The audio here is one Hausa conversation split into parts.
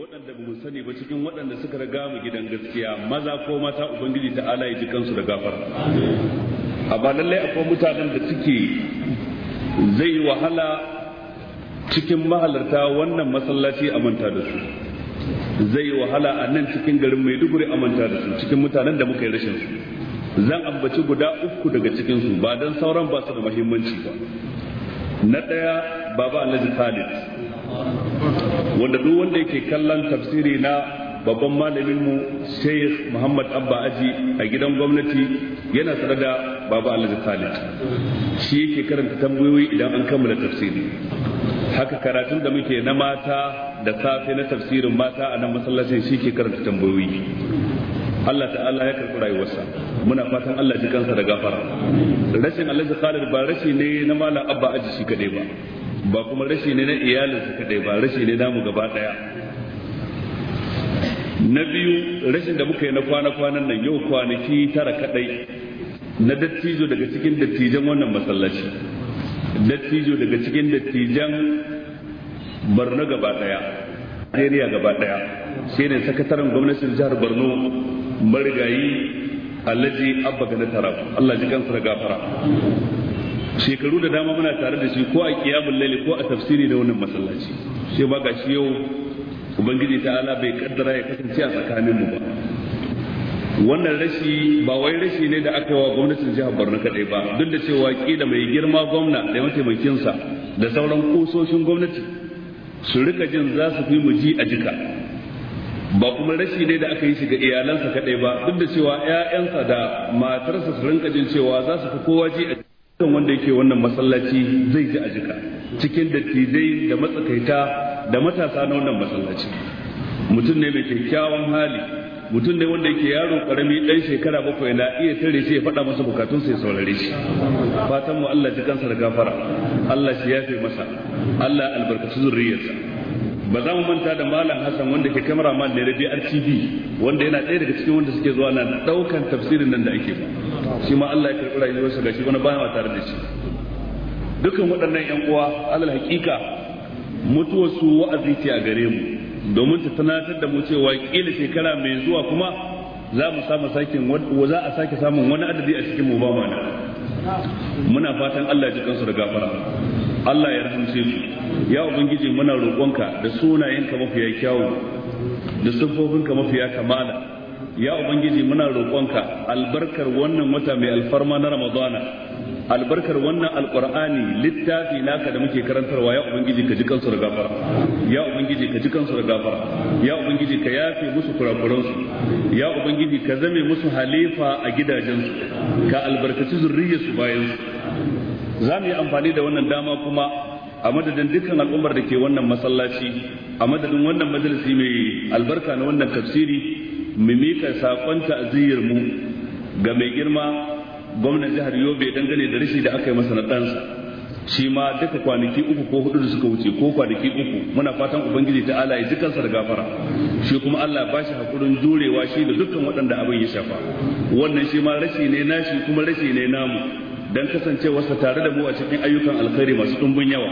waɗanda ba mu sani ba cikin waɗanda suka riga mu gidan gaskiya maza ko mata ubangiji ta ala ya ji kansu da gafar amma lallai akwai mutanen da suke zai wahala cikin mahalarta wannan masallaci a manta da su zai wahala a nan cikin garin maiduguri a manta da su cikin mutanen da muka yi rashin su zan ambaci guda uku daga cikinsu ba dan sauran ba su da muhimmanci ba na ɗaya baba alhaji khalid wanda duk wanda yake kallon tafsiri na babban malamin mu Sheikh Muhammad Abba Aji a gidan gwamnati yana tsare da Baba Alhaji Khalid shi yake karanta tambayoyi idan an kammala tafsiri haka karatun da muke na mata da safe na tafsirin mata a nan masallacin shi ke karanta tambayoyi Allah ta'ala ya karɓi rayuwarsa muna fatan Allah ji kansa da gafara rashin Alhaji Khalid ba rashi ne na malam Abba Aji shi kaɗai ba ba kuma rashi ne na iyalinsa kadai ba rashi ne namu gaba daya na biyu rashin da muka yi na kwana-kwanan nan yau kwanaki tara kadai na dattijo daga cikin dattijan wannan masallaci dattijo daga cikin dattijan barno gaba daya Najeriya gaba daya shi ne sakataren gwamnatin jihar Borno marigayi Alhaji Abba Gana Allah ji kansa da gafara shekaru da dama muna tare da shi ko a kiyamun Lalle ko a tafsiri da wannan masallaci sai ba ga shi yau ubangiji ta'ala bai kaddara ya kasance a tsakanin mu ba wannan rashi ba wai rashi ne da aka yi wa gwamnatin jihar Borno kadai ba duk da cewa kila mai girma gwamna da mataimakinsa da sauran kusoshin gwamnati su rika jin za su fi mu ji a jika ba kuma rashi ne da aka yi shiga iyalansa kadai ba duk da cewa 'ya'yansa da matarsa su rinka jin cewa za su fi kowa ji a jika kan wanda yake wannan masallaci zai ji a jika cikin dattijai da matsakaita da matasa na wannan masallaci mutum ne mai kyakkyawan hali mutum ne wanda yake yaro karami ɗan shekara bakwai na iya tare shi ya faɗa masa bukatun sai saurare shi fatan mu Allah ji kansa da gafara Allah shi yafe masa Allah albarkaci zurriyarsa ba za mu manta da malam Hassan wanda ke kameraman ne na BRTV wanda yana ɗaya daga cikin wanda suke zuwa na ɗaukan tafsirin nan da ake ba shi ma Allah ya karɓi rayuwarsa gashi wani bayan tare da shi dukan waɗannan yan uwa alal hakika mutuwar su wa'azi ce a gare mu domin ta tunatar da mu cewa kila shekara mai zuwa kuma za mu samu sakin za a sake samun wani adadi a cikin mu ba mana muna fatan Allah ya ji kansu da gafara Allah ya rahamce su ya ubangiji muna roƙonka da sunayenka mafiya kyawu da siffofinka mafiya kamala ya ubangiji muna roƙonka albarkar wannan wata mai alfarma na ramadana albarkar wannan alqur'ani littafi naka da muke karantarwa ya ubangiji ka ji kansu da gafara ya ubangiji ka ji kansu da gafara ya ubangiji ka yafe musu kurakuran su ya ubangiji ka zame musu halifa a gidajensu ka albarkaci zurriyar su bayan su za mu yi amfani da wannan dama kuma a madadin dukkan al'ummar da ke wannan masallaci a madadin wannan majalisi mai albarka na wannan tafsiri mu mika sakon ta'ziyyar mu ga mai girma gwamnan jihar Yobe dangane da rashi da aka yi masa na ɗansa shi ma duka kwanaki uku ko hudu da suka wuce ko kwanaki uku muna fatan ubangiji ta ala ya ji kansa da gafara shi kuma Allah ba shi hakurin jurewa shi da dukkan waɗanda abin ya shafa wannan shi ma rashi ne nashi kuma rashi ne namu dan kasancewarsa tare da mu a cikin ayyukan alkhairi masu ɗumbin yawa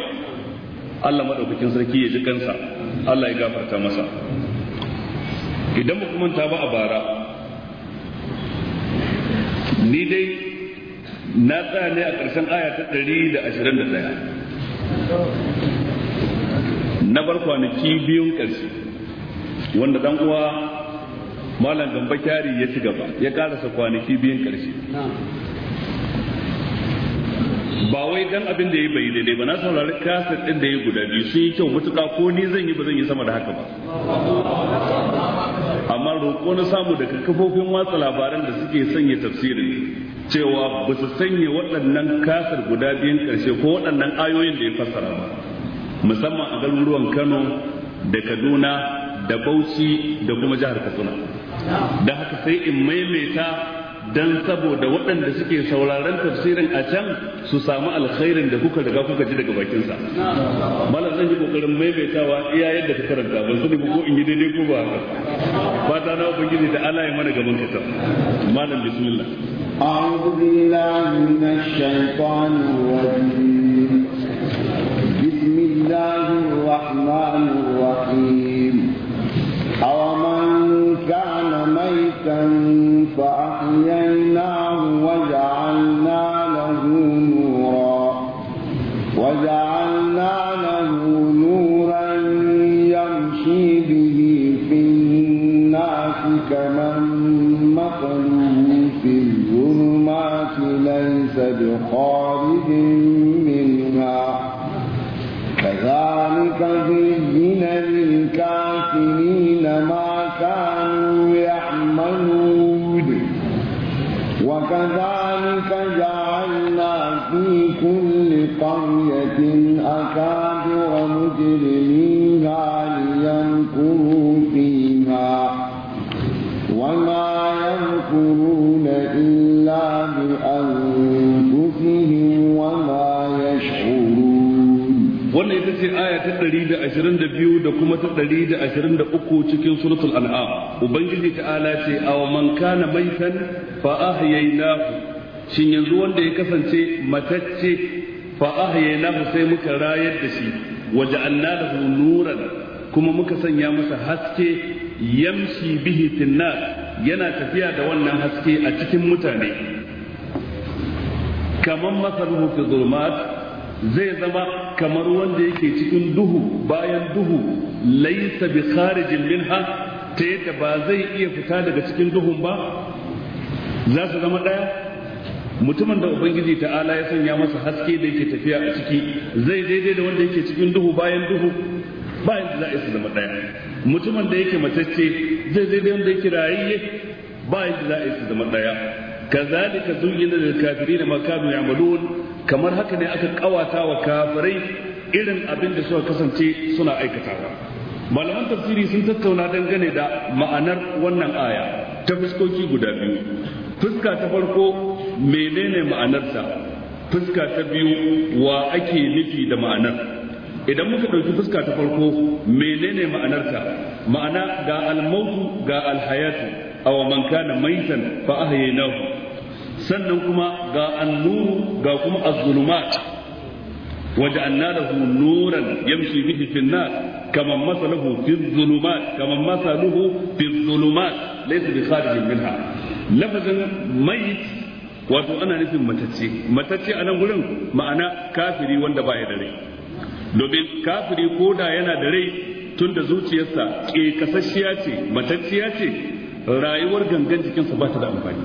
Allah madaukakin sarki ya ji kansa Allah ya gafarta masa idan ba manta ba a bara ni dai na tsaya ne a ƙarshen aya ta 121 na bar kwanaki biyun ƙarshe wanda dan uwa malam gamba kyari ya ci gaba ya ƙarasa kwanaki biyun ƙarshe ba wai dan abin da ya bai daidai ba na saurari kasar ɗin da ya guda biyu sun yi kyau matuƙa ko ni zan yi ba zan yi sama da haka ba roƙo na samu daga kafofin watsa labaran da suke sanya tafsirin cewa ba su sanya waɗannan kasar guda biyan ƙarshe ko waɗannan ayoyin da ya fassara ba musamman a garuruwan kano da kaduna da bauchi da kuma jihar katsina da haka sai in maimaita dan saboda waɗanda suke sauraron tafsirin a can su samu alkhairin da kuka riga kuka ji daga bakin sa malam zan yi kokarin maimaitawa iya yadda ka karanta ban sani ko in yi daidai ko ba fata na ubangiji da Allah ya mana gaban ka malam bismillah a'udhu billahi minash الشيطان الرجيم bismillahir rahmanir rahim الرحيم ميتا فأحييناه وجعلنا له نورا وجعلنا له نورا يمشي به في الناس كمن مثله في الظلمات ليس بخارج وكذلك جعلنا في كل قرية أكابر مجرمين لينكروا فيها وما يمكرون ce aya ta 122 da kuma ta 123 cikin suratul an'am ubangiji ta'ala ce aw man kana maitan fa ahyaynahu shin yanzu wanda ya kasance matacce fa ahyaynahu sai muka rayar da shi waja'alna lahu nuran kuma muka sanya masa haske yamshi bihi tinnas yana tafiya da wannan haske a cikin mutane kaman masaruhu fi zulmat zai zama kamar wanda yake cikin duhu bayan duhu laisa bi kharijin minha ta yadda ba zai iya fita daga cikin duhun ba za su zama ɗaya mutumin da ubangiji ta'ala ya sanya masa haske da yake tafiya a ciki zai daidai da wanda yake cikin duhu bayan duhu bayan za a su zama ɗaya mutumin da yake matacce zai daidai wanda yake rayayye bayan za a su zama ɗaya kazalika zuyyina lil kafirin ma kanu ya'malun kamar haka ne aka kawata wa kafirai irin abin da suka kasance suna aikatawa malaman tafsiri sun tattauna dangane da ma'anar wannan aya ta fuskoki guda biyu fuska ta farko menene ma'anarsa fuska ta biyu wa ake nufi da ma'anar idan muka ɗauki fuska ta farko menene ma'anarta ma'ana ga almautu ga alhayatu aw man kana maitan fa ahyaynahu sannan kuma ga annuru ga kuma az-zulumat waja'alna lahu nuran yamshi bihi fin nas kama masaluhu fi zulumat kama masaluhu fi zulumat laysa bi kharijin minha lafazin mayit wato ana nufin matacce matacce a nan gurin ma'ana kafiri wanda baya da rai domin kafiri koda yana da rai tun da zuciyarsa ƙe kasashiya ce matacciya ce rayuwar gangan jikinsa ba ta da amfani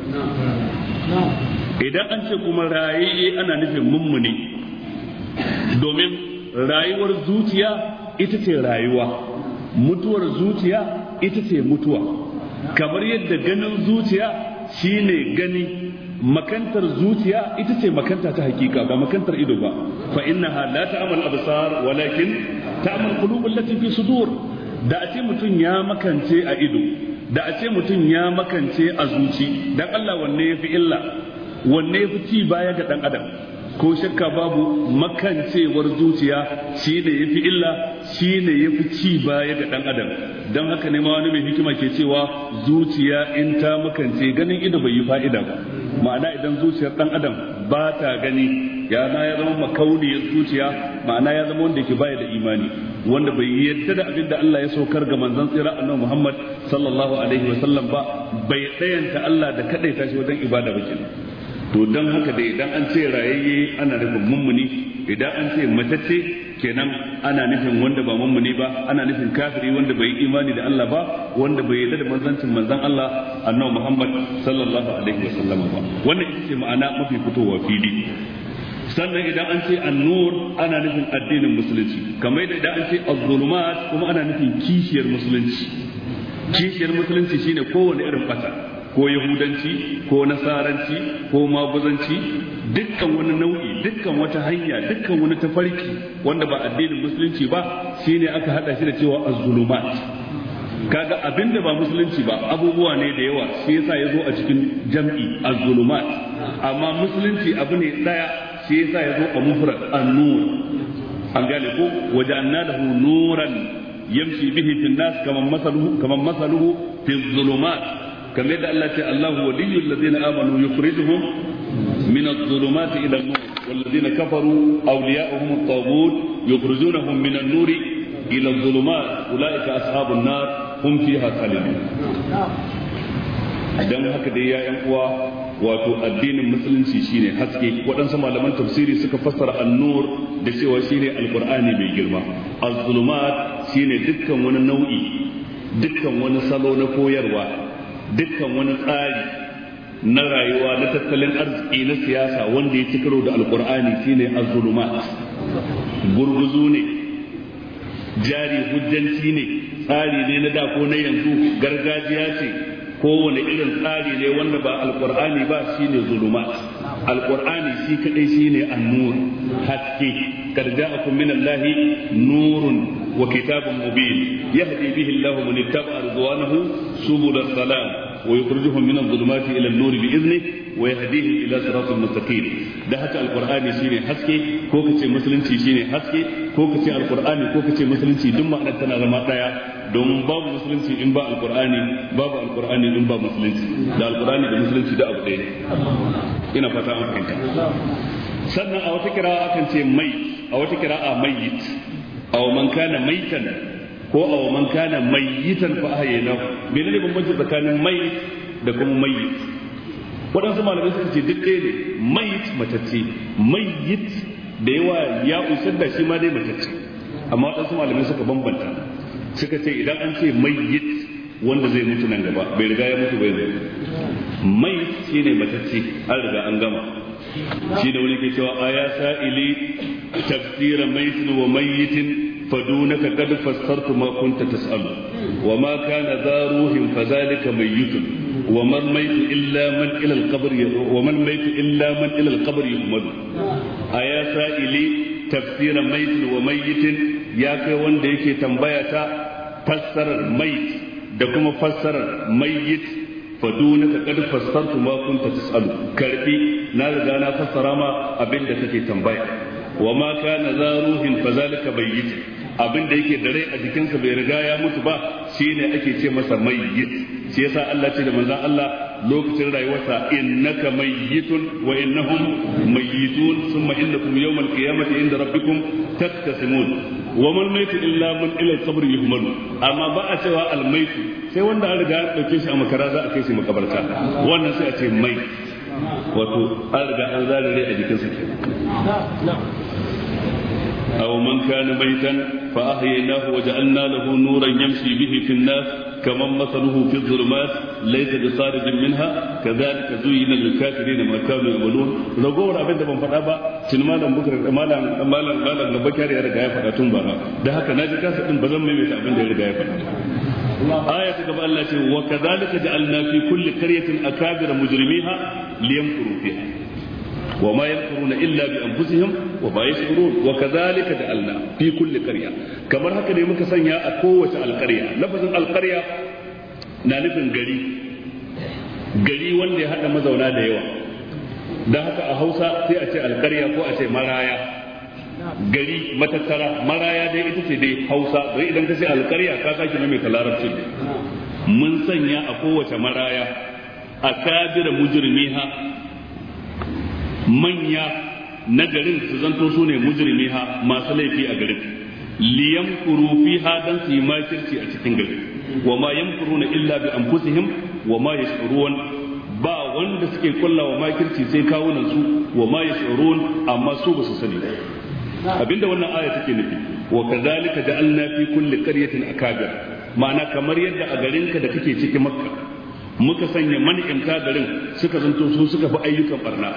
idan an ce kuma raye ana nufin mummune domin rayuwar zuciya ita ce rayuwa mutuwar zuciya ita ce mutuwa kamar yadda ganin zuciya shine gani makantar zuciya ita ce makanta ta hakika ba makantar ido ba fa ha la ta'mal absar walakin ta'mal qulubul lati fi sudur da a ce mutum ya makance a ido da a ce mutum ya makance a zuci dan Allah wanne yafi illa wanne yafi ci baya ga dan adam ko shakka babu makancewar zuciya shi ne yafi illa shi yafi ci baya ga dan adam dan haka ne ma wani mai hikima ke cewa zuciya in ta makance ganin ido bai yi fa'ida ba ma'ana idan zuciyar dan adam ba ta gani ya na ya zama ya zuciya ma'ana ya zama wanda yake baya da imani wanda bai yadda da abin da Allah ya saukar ga manzon tsira annabi Muhammad sallallahu alaihi wa sallam ba bai tsayanta Allah da kadaita shi wajen ibada ba kenan to dan haka dai idan an ce rayayye ana nufin mummuni idan an ce matacce kenan ana nufin wanda ba ne ba ana nufin kafiri wanda bai yi imani da Allah ba wanda bai yarda da manzancin manzan Allah annabi Muhammad sallallahu alaihi wasallam ba wannan ita ce ma'ana mafi fitowa fili sannan idan an ce annur ana nufin addinin musulunci kamar da idan an ce az-zulumat kuma ana nufin kishiyar musulunci kishiyar musulunci shine kowane irin fata ko yahudanci ko nasaranci ko maguzanci dukkan wani nau'i dukkan wata hanya dukkan wani tafarki wanda ba addinin musulunci ba shine aka hada shi da cewa az-zulumat kaga abinda ba musulunci ba abubuwa ne da yawa shi yasa yazo a cikin jam'i az-zulumat amma musulunci abu ne daya shi yasa yazo a mufrad an-nur an gane ko wajanna lahu nuran yamshi bihi fi nas kaman masaluhu kaman masaluhu fi zulumat kamar da Allah ce Allahu waliyyul ladina amanu yukhrijuhum min adh-dhulumati ila an-nur والذين كفروا أولياؤهم الطاغوت يخرجونهم من النور إلى الظلمات أولئك أصحاب النار هم fiha خالدون Idan haka dai ya yan uwa wato addinin musulunci shine haske waɗansu malaman tafsiri suka fassara annur da cewa shine al alqur'ani mai girma az-zulumat shine dukkan wani nau'i dukkan wani salo na koyarwa dukkan wani tsari na rayuwa na tattalin arziki na siyasa wanda ya ci karo da alkur'ani shine az gurguzu ne jari hujjanci ne tsari ne na da ko na yanzu gargajiya ce kowane irin tsari ne wanda ba alkur'ani ba shine zuluma alkur'ani shi kadai shine annur haske kad ja'akum min allahi nurun wa kitabun mubin yahdi bihi allahu man ittaba ridwanahu subul salam ويخرجهم من الظلمات إلى النور بإذنه ويهديهم إلى صراط المستقيم ده haka alqur'ani shine haske ko kace musulunci shine haske ko kace alqur'ani ko kace musulunci duk ma'anar tana zama don babu musulunci in ba alqur'ani babu alqur'ani in ba musulunci da alqur'ani da musulunci da abu ina fata an fahimta sannan a wata kira'a akan ce mai a wata kira'a mayyit aw man kana maitan ko wa man kana mayyitan fa Mene ne bambanci tsakanin mai da kuma mayyit waɗansu malamai suka ce duk ɗaya ne mayyit matacce mayyit da yawa ya usar da shi ma dai matacce amma waɗansu malamai suka bambanta suka ce idan an ce mayyit wanda zai mutu nan gaba bai riga ya mutu bai zai mai shi ne matacce an riga an gama shi da wani ke cewa aya sa'ili tafsira maitin wa mayyitin فدونك قد فسرت ما كنت تسأل وما كان ذا روح فذلك ميت وما الميت إلا من إلى القبر وما الميت إلا من إلى القبر يحمل أيا سائلي تفسير ميت وميت يا كي wanda yake tambaya ta fassarar mait da kuma fassarar mayyit fadunaka qad fassartu ma kunta tasalu karbi na riga na fassara ma abin da kake tambaya wa ma kana za ruhin fa zalika bayyit abin da yake dare a jikinsa bai riga ya mutu ba shine ake ce masa mayyit shi yasa Allah ce da manzon Allah lokacin rayuwarsa innaka mayyitun wa innahum mayyitun thumma innakum yawmal qiyamati inda rabbikum taktasimun wa man maytu illa man ila al-qabr yuhmalu amma ba a cewa al-maytu sai wanda an riga dauke shi a makara za a kai shi makabarta wannan sai a ce mai wato an riga an zalare a jikinsa kenan أو من كان ميتا فأحييناه وجعلنا له نورا يمشي به في الناس كمن مثله في الظلمات ليس بخارج منها كذلك زين للكافرين ما كانوا يعملون ragowar abin da ban faɗa ba tun malam bukar malam malam na bakar ya riga ya faɗa tun ba da haka naji kasa din ba zan maimaita abin ya riga ya faɗa Allah ce wa akabira mujrimiha liyamkuru وما يذكرون إلا بأنفسهم وما يشعرون وكذلك جعلنا في كل قرية كما هكذا يمكن سنيا أقوة القرية لفظ القرية نالف غري غري وندي هذا مزونا ديوا da haka a hausa sai a ce alkarya ko a ce maraya gari matattara maraya dai ita ce dai hausa don idan ka ce alkarya ka sake na mai larabci mun sanya a kowace maraya a kabira ha? manya na garin su zanto su ne ha masu laifi a garin liyan fiha dan su yi makirci a cikin garin wa ma na illa bi anfusihim wa ma yashurun ba wanda suke kullawa makirci sai kawunan su wa ma yashurun amma su ba su sani abinda wannan aya take nufi wa kadhalika ja'alna fi kulli qaryatin akabir ma'ana kamar yadda a garinka da kake cikin makka muka sanya mani'imta garin suka zanto su suka fi ayyukan barna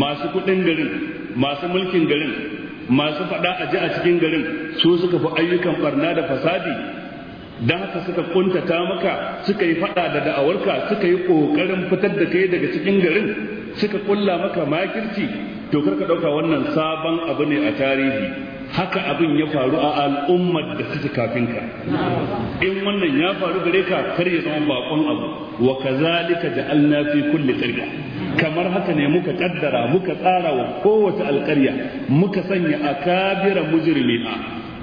masu kuɗin garin masu mulkin garin masu faɗa a ji a cikin garin su suka fi ayyukan barna da fasadi don haka suka kuntata maka suka yi faɗa da da'awarka suka yi ƙoƙarin fitar da kai daga cikin garin suka kulla maka makirci to karka ɗauka wannan sabon abu ne a tarihi haka abin ya faru a al'ummar da suke kafinka in wannan ya faru gare ka kar ya zama baƙon abu wa kazalika ja'alna fi kulli qarya kamar haka ne muka kaddara muka tsara wa kowace alkarya muka sanya a akabira mujrimina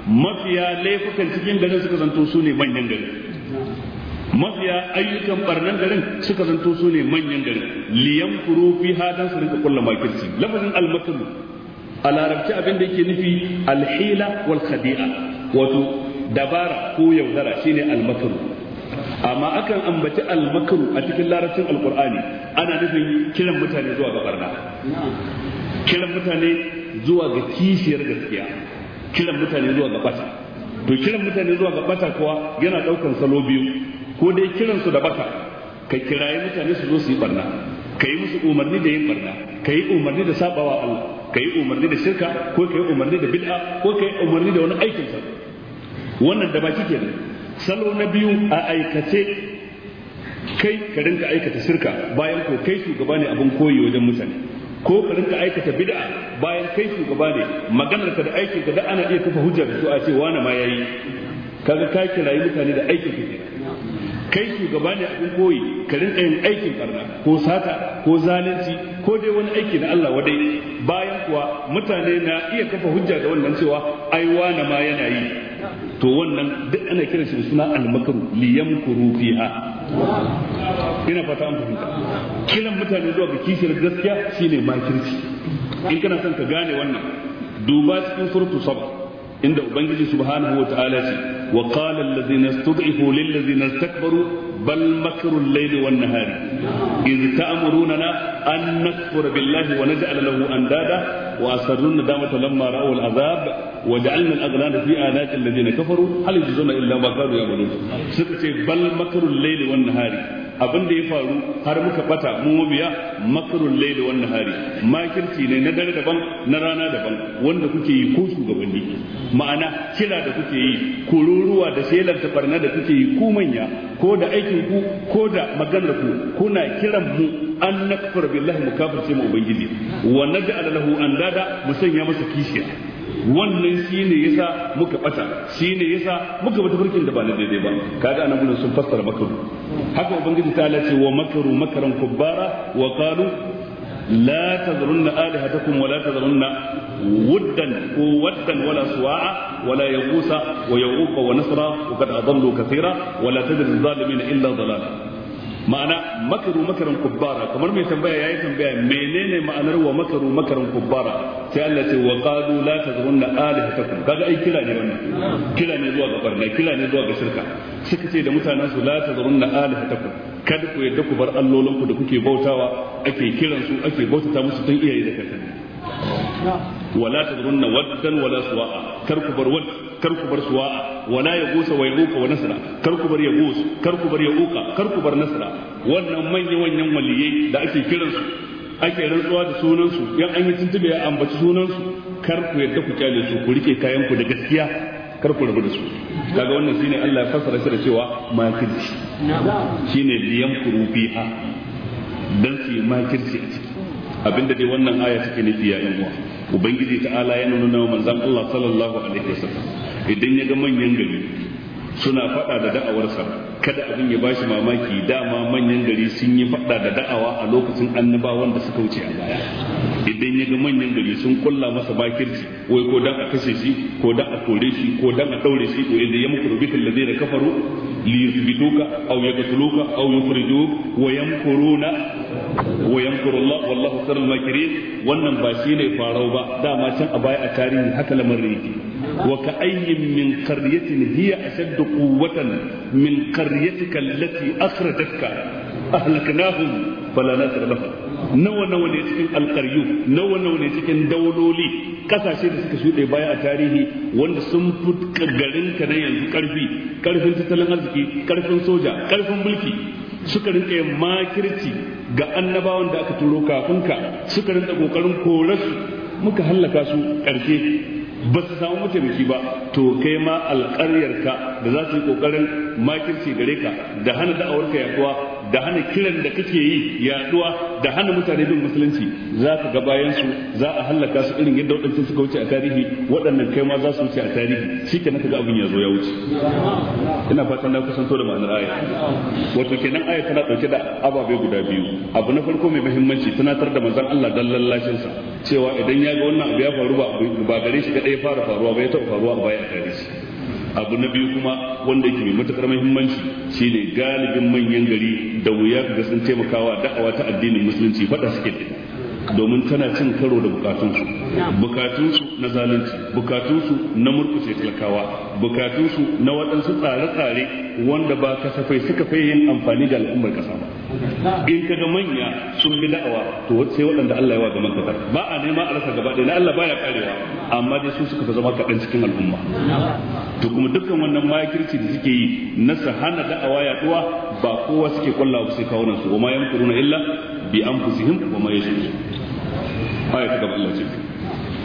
mafiya laifukan cikin garin suka zanto su ne manyan garin mafiya ayyukan barnan garin suka zanto su ne manyan garin liyan furu hadan su rinka kulla makirci lafazin almakaru a larabci abin da yake nufi alhila wal khadi'a wato dabara ko yaudara shine almakaru amma akan ambaci almakaru a cikin larabcin alkur'ani ana nufin kiran mutane zuwa ga barna kiran mutane zuwa ga kishiyar gaskiya kiran mutane zuwa ga bata to kiran mutane zuwa ga bata kuwa yana daukan salo biyu ko dai kiran su da bata ka kiraye mutane su zo su yi barna ka yi musu umarni da yin barna ka yi umarni da sabawa Allah ka yi umarni da shirka ko ka yi umarni da bid'a ko ka yi umarni da wani aikin sa wannan da baki kenan salo na biyu a aikace kai ka rinka aikata sirka bayan ko kai shugaba ne abin koyi wajen mutane ko ka rinka aikata bid'a bayan kai shugaba ne maganar ka da aikin ka da ana iya kafa hujja da su a ce wani ma yayi kaga ka kirayi mutane da aikin ka kai shugaba ne abin koyi ka rinka yin aikin barna ko sata ko zalunci ko dai wani aiki na Allah wadai bayan kuwa mutane na iya kafa hujja da wannan cewa ai wani ma yana yi to wannan duk ana kiran shi suna almakaru liyamkuru fiha ina fata an fahimta kiran mutane zuwa ga kishiyar gaskiya shine makirci in kana son ka gane wannan duba cikin surtu saba inda ubangiji subhanahu wa ta'ala ce وقال الذين استضعفوا للذين استكبروا بل مكر الليل والنهار إذ تأمروننا أن نكفر بالله ونجعل له أندادا وأسروا الندامة لما رأوا العذاب وجعلنا الأغلال في آلات الذين كفروا هل يجزون إلا ما كانوا يعملون بل مكر الليل والنهار abin da ya faru har muka bata mu mabiya makarun da wannan hari makirci ne na dare daban na rana daban wanda kuke yi ko shugabanni ma'ana kira da kuke yi kururuwa da shelar barna da kuke yi ku manya ko da aikin ku ko da maganar ku kuna kiran mu an nakfar billahi mu kafirce mu ubangiji wa alalahu an dada mu sanya masa kishiya wannan shi ne ya sa muka bata ya sa muka bata farkin da ba na daidai ba kaga anan gurin sun fassara makaru haka ubangiji ta ce wa makaru makaran kubbara wa qalu la tazrunna alihatakum wa la tazrunna wuddan ko waddan wala suwa'a wala yaqusa wa yaquqa wa nasra wa qad adallu kathira wa la tadri zalimin illa dalala ma'ana makaru makaran kubbara kamar mai tambaya yayi tambaya menene ma'anar wa makaru makaran kubbara sai Allah ce wa qalu la tazunna alihatakum kaga ai kira ne wannan kira ne zuwa ga barna kira ne zuwa ga shirka suka ce da mutanen su la tazunna alihatakum kada ku yadda ku bar allolinku da kuke bautawa ake kiransu ake bautata musu tun iyaye da kakanni wala tadrunna waddan wala suwa'a kar ku bar wad kar ku bar suwa'a wala yagusa wa yaquka wa nasra kar ku bar yagus kar ku bar yaquka kar ku bar nasra wannan manyan wannan waliyai da ake kiransu ake rantsuwa da sunansu yan an yi tuntube ya ambaci sunansu kar ku yadda ku kyale su ku rike kayan ku da gaskiya kar ku rabu da su kaga wannan shine Allah ya fassara shi da cewa makirci shine liyan kurufiha dan su yi makirci a ciki abinda dai wannan aya take nufi ya yan uwa ubangiji ta'ala ya nuna wa manzon Allah sallallahu alaihi wasallam idan ya ga manyan gari suna faɗa da da'awar sa kada abin ya bashi mamaki dama manyan gari sun yi faɗa da da'awa a lokacin annabawan da suka wuce a baya idan ya ga manyan gari sun kulla masa bakirci wai ko dan a kashe shi ko dan a kore shi ko dan a daure shi ko idan ya muku rubuta ladina kafaru li yuthbituka aw yaqtuluka aw yukhrijuka wa yamkuruna wa yankuru Allah wallahu khairul makirin wannan ba shine farau ba dama can a baya a tarihi haka lamarin yake wa ka ayyin min qaryatin hiya ashaddu quwwatan min qaryatika allati akhrajatka ahlaknahum fala nasir lahum nawa nawa ne cikin alqaryu nawa nawa ne cikin dawloli kasashe da suka shuɗe baya a tarihi wanda sun fitka garin ka na yanzu karfi karfin tattalin arziki karfin soja karfin mulki suka rinka makirci ga annabawan da aka turo kafin ka suka rinda kokarin koras muka hallaka su karshe ba su samu mataimaki ba to kai ma alƙaryarka da za su yi ƙoƙarin makirci gare ka da hana da'awarka yaduwa da hana kiran da kake yi yaduwa da hana mutane bin musulunci za ka ga bayan su za a hallaka su irin yadda waɗancan suka wuce a tarihi waɗannan kai ma za su wuce a tarihi shi ka ga abin ya zo ya wuce ina fatan na kusanto da ma'anar aya wato kenan aya tana ɗauke da ababe guda biyu abu na farko mai muhimmanci tunatar da manzon Allah dan lallashin sa cewa idan ya ga wannan abu ya faru ba ba gare shi kadai ya fara faruwa ba ya taɓa faruwa a baya a tarihi abu na biyu kuma wanda yake mai matukar muhimmanci shine galibin manyan gari da wuya ga sun taimakawa da'awa ta addinin musulunci fada suke da domin tana cin karo da bukatunsu bukatunsu na zalunci bukatunsu na murkushe talakawa bukatunsu na waɗansu tsare-tsare wanda ba kasafai suka fi yin amfani da al'ummar kasa ba in ga manya sun bi da'awa to sai waɗanda Allah ya wa gaban ba a nema a rasa gaba ɗaya na Allah baya karewa amma dai su suka fi zama kaɗan cikin al'umma to kuma dukkan wannan makirci da suke yi na sahana hana da'awa yaɗuwa ba kowa suke kwallawa sai kawo nan su wa ma yamkuruna illa bi anfusihim wa ma yashkurun آية الله جميل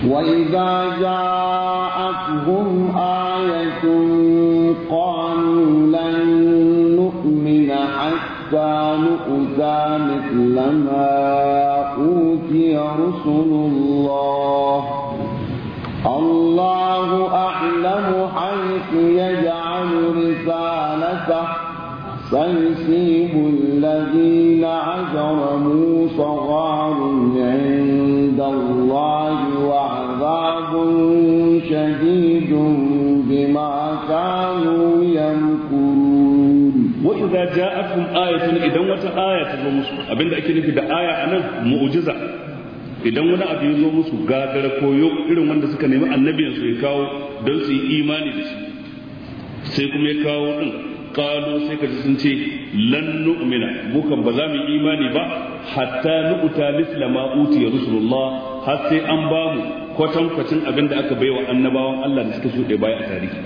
وإذا جاءتهم آية قالوا لن نؤمن حتى نؤتى مثل ما أوتي رسل الله الله أعلم حيث يجعل رسالته سيصيب الذين أجرموا صغار عند عند الله وعذاب شديد بما كانوا يمكرون وإذا جاءكم آية إذا وتا آية تزومسوا أبين ذا أكيد في آية أنا مؤجزة idan wani abu ya zo musu gagara ko irin wanda suka nemi annabiyansu ya kawo don su yi imani da shi sai kuma ya kawo din qalu sai ka ci sun ce lan nu'mina ba za mu imani ba hatta nu'ta misla ma utiya rusulullah har sai an ba mu kwatan kwacin abin da aka baiwa annabawan Allah da suka shuɗe baya a tarihi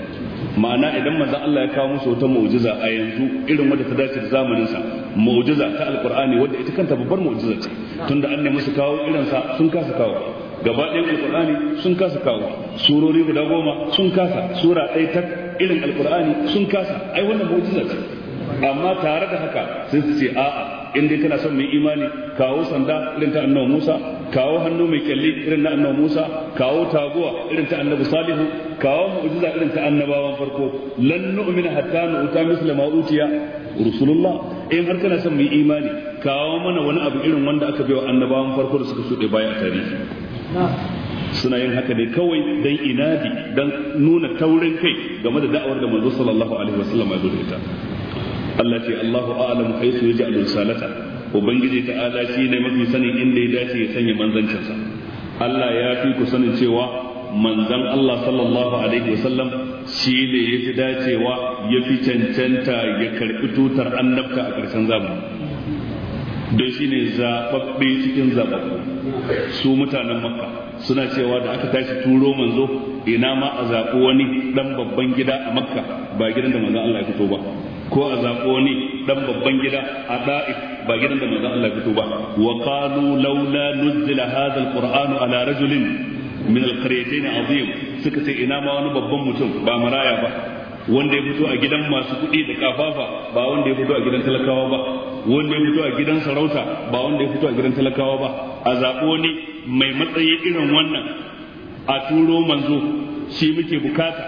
ma'ana idan manzon Allah ya kawo musu wata mu'jiza a yanzu irin wadda ta dace da zamanin sa mu'jiza ta alqur'ani wadda ita kanta babbar mu'jiza ce tunda an ne musu kawo irin sa sun kasa kawo gaba ɗayan alkur'ani sun kasa kawo surori guda goma sun kasa sura ɗaya tak irin alkur'ani sun kasa ai wannan mu'jiza ce amma tare da haka sun ce a'a in dai kana son mai imani kawo sanda irin ta annabi Musa kawo hannu mai kyalli irin na annabi Musa kawo taguwa irin ta annabi Salihu kawo mu'jiza irin ta annabawan farko lan nu'mina hatta nu'ta misla ma utiya rusulullah in har kana son mai imani kawo mana wani abu irin wanda aka bai wa annabawan farko da suka shude baya a tarihi suna yin haka ne kawai dan inadi dan nuna taurin kai game da da'awar da manzo sallallahu alaihi wasallam ya zo da ita Allah ce Allahu a'lamu haythu yaj'alu risalata ubangiji ta'ala shi ne mafi sanin inda ya dace ya sanya sa. Allah ya fi ku sanin cewa manzan Allah sallallahu alaihi wasallam shi ne ya fi dacewa ya fi cancanta ya karbi tutar annabka a ƙarshen zamani don ne zaɓaɓɓe cikin zaɓaɓɓu su mutanen makka suna cewa da aka tashi turo manzo ina ma a zaɓi wani ɗan babban gida a makka ba gidan da manzon Allah ya fito ba ko a zaɓi wani ɗan babban gida a ɗa'if ba gidan da manzon Allah ya fito ba wa qalu laula nuzila hadha alqur'anu ala rajulin min alqaryatayn azim suka ce ina ma wani babban mutum ba maraya ba wanda ya fito a gidan masu kuɗi da kafafa ba wanda ya fito a gidan talakawa ba wanda ya fito a gidan sarauta ba wanda ya fito a gidan talakawa ba a zaɓo ne mai matsayi irin wannan a turo manzo shi muke bukata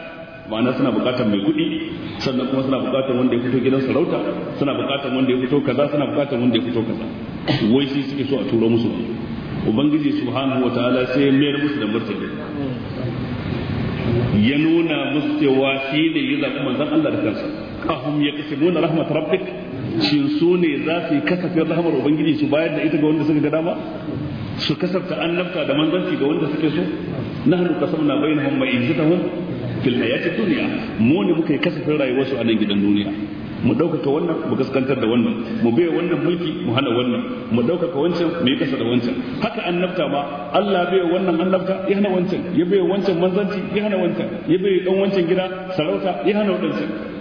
ma'ana suna bukatar mai kuɗi sannan kuma suna bukatar wanda ya fito gidan sarauta suna bukatar wanda ya fito kaza suna bukatar wanda ya fito kaza wai shi suke so a turo musu ubangiji subhanahu ta'ala sai ya mayar musu da martani ya nuna musu cewa shi ne ya zaɓi manzon Allah da kansa ahum yaqsimuna rahmat rabbik shin su ne za su yi kasafin rahamar ubangiji su bayar da ita ga wanda suka ga dama su kasafta annabta da manzanci ga wanda suke so in qasamna hun ma'izzatahum ya ce duniya mu ne muka yi kasafin rayuwarsu a nan gidan duniya mu ɗaukaka wannan mu gaskantar da wannan mu bai wannan mulki mu hana wannan mu ɗaukaka wancan mu yi kasa da wancan haka an nafta ma Allah bai wannan an nafta ya hana wancan ya bai wancan manzanci ya hana wancan ya bai dan wancan gida sarauta ya hana wancan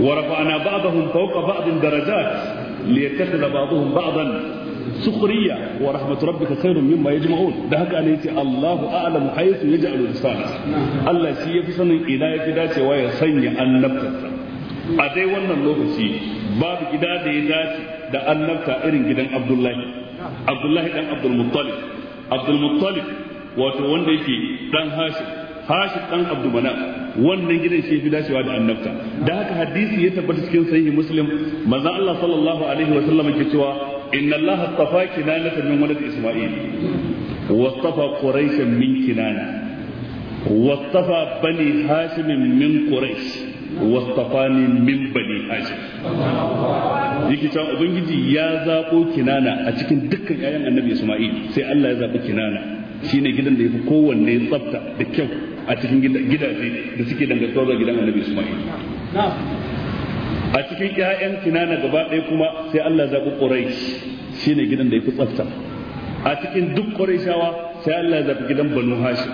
ورفعنا بعضهم فوق بعض درجات ليتخذ بعضهم بعضا سخرية ورحمة ربك خير مما يجمعون ده هكا أنا يتي الله أعلم حيث يجعل رسالة الله سي في سنة إلا يتداتي ويسني النبتة أدي وانا اللوكسي باب إدادة يداتي ده النبتة إرن جدا عبد الله عبد الله دان عبد المطلب عبد المطلب wato wanda yake dan hashim hashim dan abdu mana wannan gidan shi fi dacewa da annabta da haka hadisi ya tabbata cikin sahihi muslim manzo Allah sallallahu alaihi wa sallam yake cewa inna Allah astafa kinana min walad isma'il wa astafa quraish min kinana wa astafa bani hashim min quraish wastafani min bani hashim yake cewa ubangiji ya zabo kinana a cikin dukkan ayan annabi isma'il sai Allah ya zabo kinana shine gidan da yafi kowanne tsafta da kyau a cikin gidaje da suke dangantawa ga gidan annabi isma'il a cikin ƴaƴan kinana gaba ɗaya kuma sai Allah zaɓi shi ne gidan da ya fi tsafta a cikin duk shawa, sai Allah ya zaɓi gidan banu Hashi.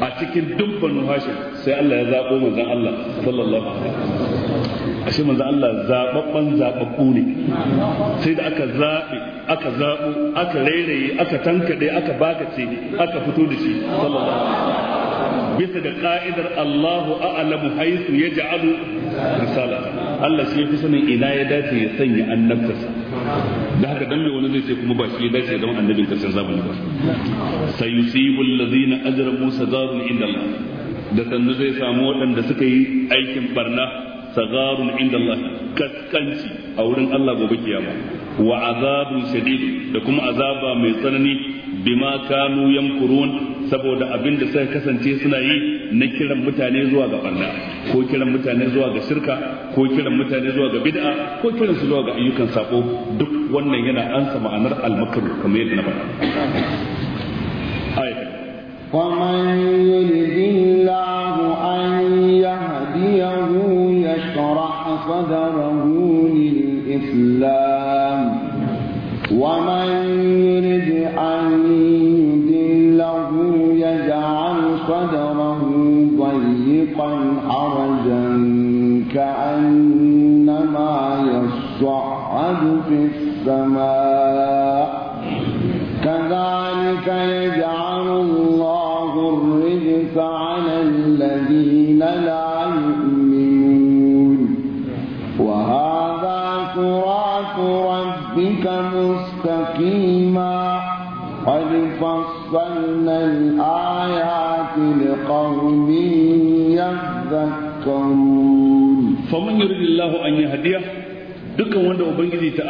a cikin duk banu Hashi, sai Allah ya zaɓo manzan Allah sallallahu alaihi wasallam shi manzan Allah zaɓaɓɓen zaɓaɓɓu ne sai da aka zaɓe aka zaɓo aka rairaye aka tankade aka bakace aka fito da shi sallallahu alaihi wasallam bisa ga ka'idar Allahu a'lamu haythu yaj'alu risalata Allah shi yafi sanin ina ya dace ya sanya annabtasa. da haka dan me wani zai ce kuma ba shi ya dace ya zama annabin karshen zamani ba sayusibu alladhina ajramu sadarun inda Allah da sannu zai samu waɗanda suka yi aikin barna sagarun inda Allah kaskanci a wurin Allah gobe kiyama wa azabun shadid da kuma azaba mai tsanani bima kanu yamkurun saboda abin da suka kasance suna yi na kiran mutane zuwa ga barna ko kiran mutane zuwa ga shirka ko kiran mutane zuwa ga bid'a ko kiran su zuwa ga ayyukan sako duk wannan yana ansa ma'anar al-makru kamar yadda na faɗa ayi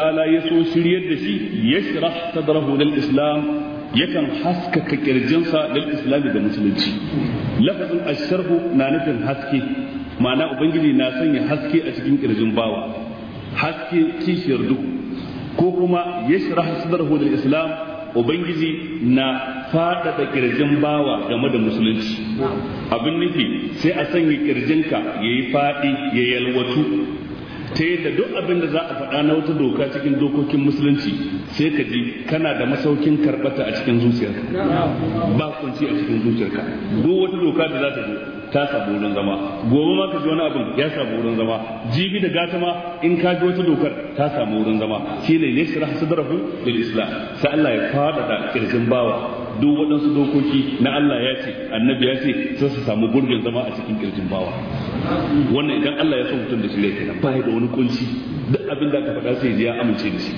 ta'ala ya so shiryar da shi ya ta sadrahu lil islam yakan haskaka kirjinsa lil islam da musulunci lafazin asharhu na nufin haske ma'ana ubangiji na sanya haske a cikin kirjin bawa haske kishiyar duk. ko kuma ya yashrah sadrahu lil islam ubangiji na faɗaɗa kirjin bawa game da musulunci abin nufi sai a sanya kirjinka yayi faɗi ya yalwatu ta da duk abin da za a faɗa na wata doka cikin dokokin musulunci sai ka ji kana da masaukin karɓata a cikin zuciyarka ba kunci a cikin zuciyarka duk wata doka da za ta zo ta samu wurin zama gobe ma ka ji wani abin ya samu wurin zama jibi da gata ma in ka ji wata dokar ta samu wurin zama shine ne shirah sadrahu lil islam sai Allah ya da kirjin bawa duk waɗansu dokoki na Allah ya ce annabi ya ce sai su samu gurbin zama a cikin kirjin bawa wannan idan Allah ya so mutum da laifi na ba da wani kunci duk abin da aka faɗa sai ya amince da shi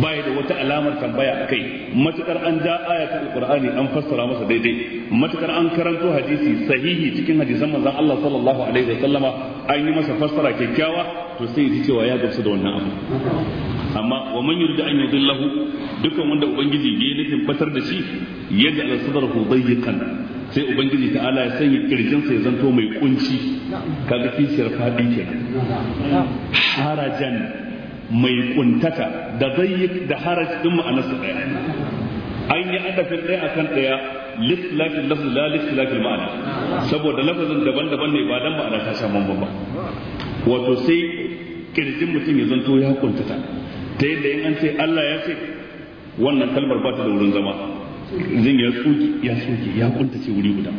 ba da wata alamar tambaya a kai matukar an ja ayatul alqur'ani an fassara masa daidai matukar an karanto hadisi sahihi cikin hadisan manzon Allah sallallahu alaihi wa sallama an yi masa fassara kyakkyawa to sai ya ji cewa ya gamsu da wannan abu amma wa man yurda an yudillahu Dukkan wanda ubangiji ya nufin batar da shi yadda al-sadrahu dayyiqan sai ubangiji ta'ala ya sanya kirjinsa ya zanto mai kunci kaga kishiyar fadi kenan harajan mai kuntata da dayyiq da haraj din ma'anarsa daya an yi adafin daya akan daya listilafin lafzin la listilafin ma'ana saboda lafazin daban-daban ne ba dan ma'ana ta sha bamban ba wato sai kirjin mutum ya zanto ya kuntata ta yadda in an ce Allah ya ce wannan kalmar ba ta da wurin zama zin ya tsoki ya tsoki ya ce wuri guda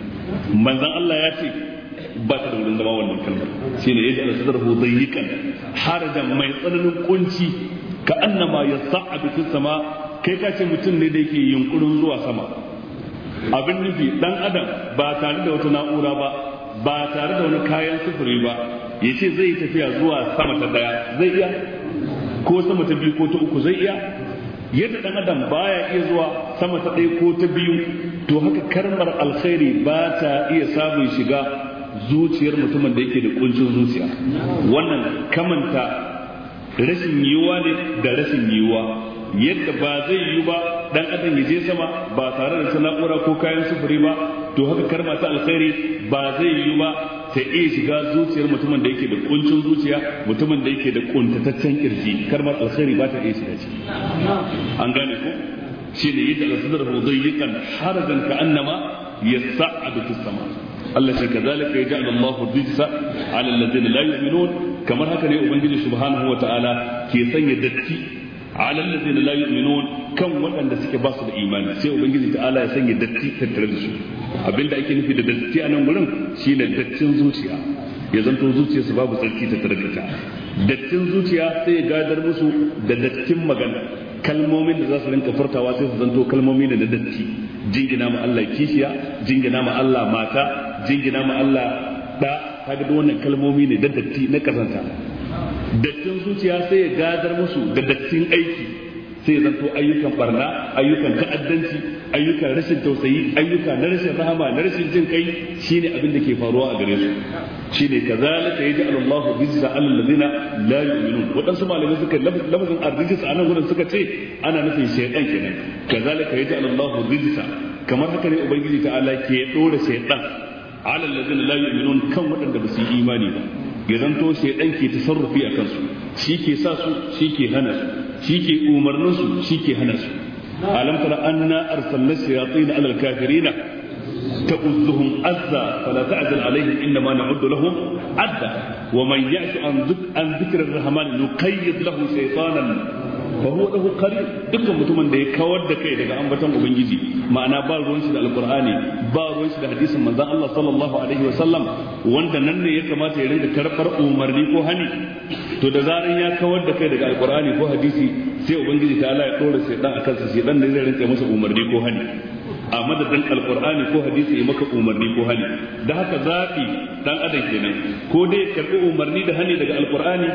manzon Allah ya ce ba ta da wurin zama wannan kalmar shine yaji Allah sadarhu dayyikan harajan mai tsananin kunci ka annama a bikin sama kai ka ce mutum ne da yake yunkurin zuwa sama abin nufi dan adam ba tare da wata na'ura ba ba tare da wani kayan sufuri ba ya ce zai tafiya zuwa sama ta daya zai iya ko sama ta biyu ko ta uku zai iya yadda dan adam baya iya zuwa sama ta ɗaya ko ta biyu to haka karmar alkhairi ba ta iya samun shiga zuciyar mutumin da yake da kuncin zuciya wannan kamanta rashin yiwuwa ne da rashin yiwuwa yadda ba zai yiwu ba dan adam ya je sama ba tare da sana'ura ko kayan sufuri ba to haka karmar alkhairi ba zai yiwu ba ta iya shiga zuciyar mutumin da yake da kuncin zuciya mutumin da yake da kuntataccen kirji karmar alkhairi ba ta iya shiga ciki an gane ko shi ne yadda alsadar mudayyiqan harajan ka annama yas'adu fis sama Allah shi kazalika yaj'al Allahu rijsa 'ala alladhina la yu'minun kamar haka ne ubangiji subhanahu wa ta'ala ke sanya datti ala allazina la yu'minun kan waɗanda suke ba su da imani sai ubangiji ta'ala ya sanya datti tattare da su abinda ake nufi da datti a nan gurin shine dattin zuciya ya zanto zuciya su babu tsarki tattare da ita dattin zuciya sai ya gadar musu da dattin magana kalmomin da za su rinka furtawa sai su zanto kalmomi da datti jingina ma Allah kishiya jingina ma Allah mata jingina ma Allah da kaga wannan kalmomi ne da datti na kazanta dattin zuciya sai ya gadar musu da dattin aiki sai zanto ayyukan barna ayyukan ta'addanci ayyukan rashin tausayi ayyuka na rashin rahama na rashin jin kai shine abin da ke faruwa a gare su shine kazalika yaj'alu Allahu bizza alal ladina la yu'minun wadansu malamai suka lafazin arrijis anan gurin suka ce ana nufin shaytan kenan kazalika yaj'alu Allahu bizza kamar haka ne ubangiji ta'ala ke dora shaytan alal ladina la yu'minun kan wadanda ba su yi imani ba ya zanto shaidan ke tasarrufi a kansu shi ke sa su shi ke hana su shi ke umarnin su shi ke hana su alam tara anna arsalna shayatin ala alkafirina ta'uzzuhum azza fala ta'zal alaihim inna ma na'uddu lahum adda wa man ya'shu an dhikri ar-rahman nuqayyid lahu shaytanan fa huwa lahu qarin dukkan mutumin da ya kawar da kai daga ambaton ubangiji ma'ana ba ruwan shi da alqur'ani ba ruwan shi da hadisin manzon Allah sallallahu alaihi wa sallam wanda nan ne ya kamata ya rinka karbar umarni ko hani to da zaran ya kawar da kai daga alqur'ani ko hadisi sai ubangiji ta Allah ya dora sai dan akan sa sai dan ne zai rinka masa umarni ko hani a madadin alkur'ani ko hadisi ya maka umarni ko hani da haka zaɓi dan adam kenan ko dai karɓi umarni da hani daga alkur'ani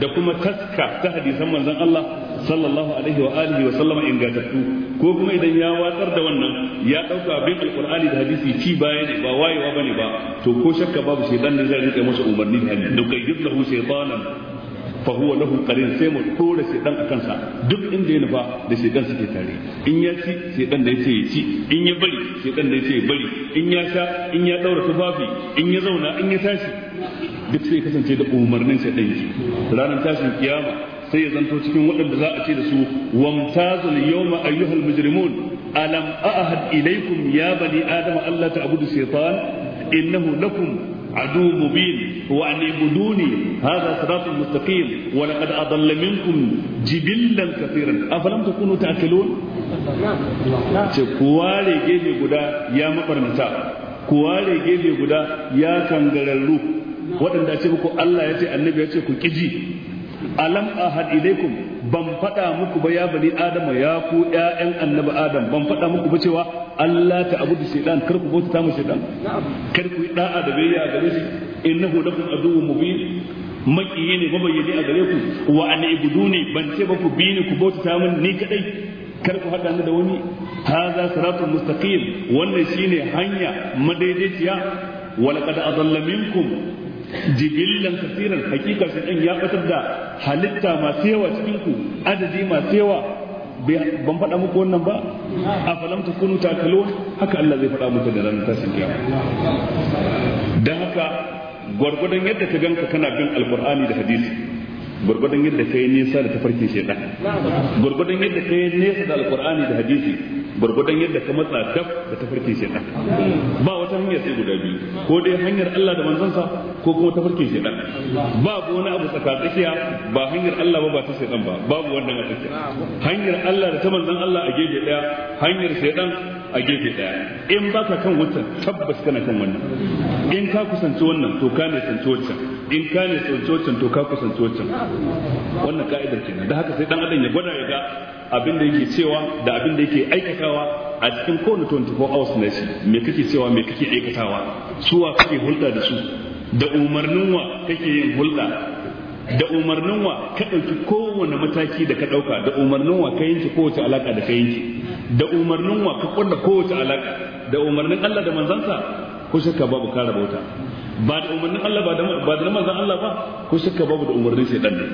da kuma taska ta hadisan manzon Allah sallallahu alaihi wa alihi wa sallama ingantattu ko kuma idan ya watsar da wannan ya ɗauka bin alkur'ani da hadisi ci baya ne ba wayewa bane ba to ko shakka babu shaytan ne zai rike masa umarni da hani da kai shaytanan fa huwa lahu qarin sai mu dora shedan a kansa duk inda ya nufa da shedan suke tare in ya ci shedan da ya ci in ya bari shedan da yace ya bari in ya sha in ya daura tufafi in ya zauna in ya tashi duk sai kasance da umarnin shedan ki ranar tashin kiyama sai ya zanto cikin waɗanda za a ce da su wamtazul yawma ayyuhal mujrimun alam a'had ilaykum ya bani adama alla Abudu, shaytan innahu lakum عدو مبين وأن اعبدوني هذا صراط مستقيم ولقد أضل منكم جبلا كثيرا أفلم تكونوا تأكلون كوالي جيبي قدا يا مقرنتا كوالي جيبي قدا يا كنغرلو waɗanda ce muku Allah ya ce annabi ya ce ku kiji alam ahad ilaikum ban faɗa muku ba ya bani adama ya ku ƴaƴan annabi adam ban faɗa muku ba cewa Allah ta abudu shaytan kar ku bauta mu shaytan kar ku yi da'a da biyayya gare shi innahu lakum aduwwun mubin makiyi ne mabayyani a gare ku wa an ibuduni ban ce ba ku bi ni ku bauta mun ni kadai kar ku hada ni da wani hadha siratul mustaqim wannan shine hanya madaidaiciya walaqad a adalla minkum jibillan kasiran hakika shi ɗan ya fitar da halitta masu yawa cikin ku adadi masu yawa ban faɗa muku wannan ba a falam ta kunu takalo haka Allah zai faɗa muku da ranar tashin kiyama dan haka gwargwadon yadda ka ganka kana bin alqur'ani da hadisi gwargwadon yadda ka yi nesa da tafarkin shaitan gwargwadon yadda ka yi nesa da alqur'ani da hadisi gurgudan yadda ka matsa daf da tafarkin shaitan ba wata hanya sai guda biyu ko dai hanyar Allah da sa, ko kuma tafarkin shaitan babu wani abu tsakatsakiya ba hanyar Allah ba ba ta shaitan ba babu wannan a tsakiya hanyar Allah da ta manzon Allah a gefe daya hanyar shaitan a gefe daya in baka kan wancan tabbas kana kan wannan in ka kusanci wannan to ka ne tsanci wancan in ka ne tsanci wancan to ka kusanci wancan wannan ka'idar kenan da haka sai dan adam ya gwada ya ga abin da yake cewa da abin da yake aikatawa a cikin kowane 24 hours na shi me kake cewa me kake aikatawa suwa kake hulɗa da su da umarnin wa kake yin hulɗa da umarnin wa ka ɗauki kowane mataki da ka ɗauka da umarnin wa ka yanke kowace alaƙa da ka yanke da umarnin wa ka kulla kowace alaka da umarnin Allah da manzansa ko shakka babu kara bauta ba da umarnin Allah ba da ba da Allah ba ko shakka babu da umarnin shaytan ne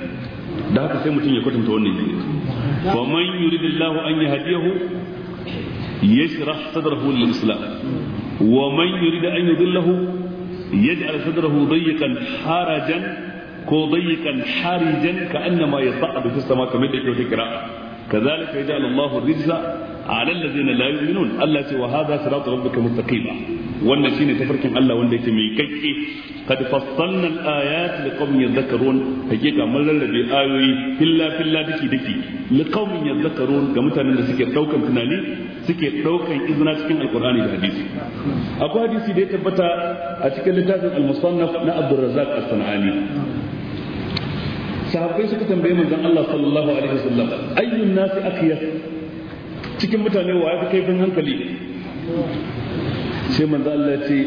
da haka sai mutum ya kwatanta wannan ne wa man yuridillahu an yahdiyahu yashrah sadrahu lil islam wa man yurid an yudillahu yaj'al sadrahu dayyqan harajan ko dayyqan harijan ka annama fis kamar da yake Kazali. yaj'alu Allahu rijza 'ala alladhina la Allah ce wa hadha siratu rabbika mustaqima wannan shine tafarkin Allah wanda yake mai kakke qad fassalna al-ayat rarrabe ayoyi filla filla dake dake liqaumin mutanen da suke daukan tunani suke daukan izina cikin alqur'ani da hadisi akwai hadisi da ya tabbata a cikin littafin na sahabbai suka tambaye manzon Allah sallallahu alaihi wasallam ayyun nasi akhyas cikin mutane wa yafi kaifin hankali sai manzon Allah ce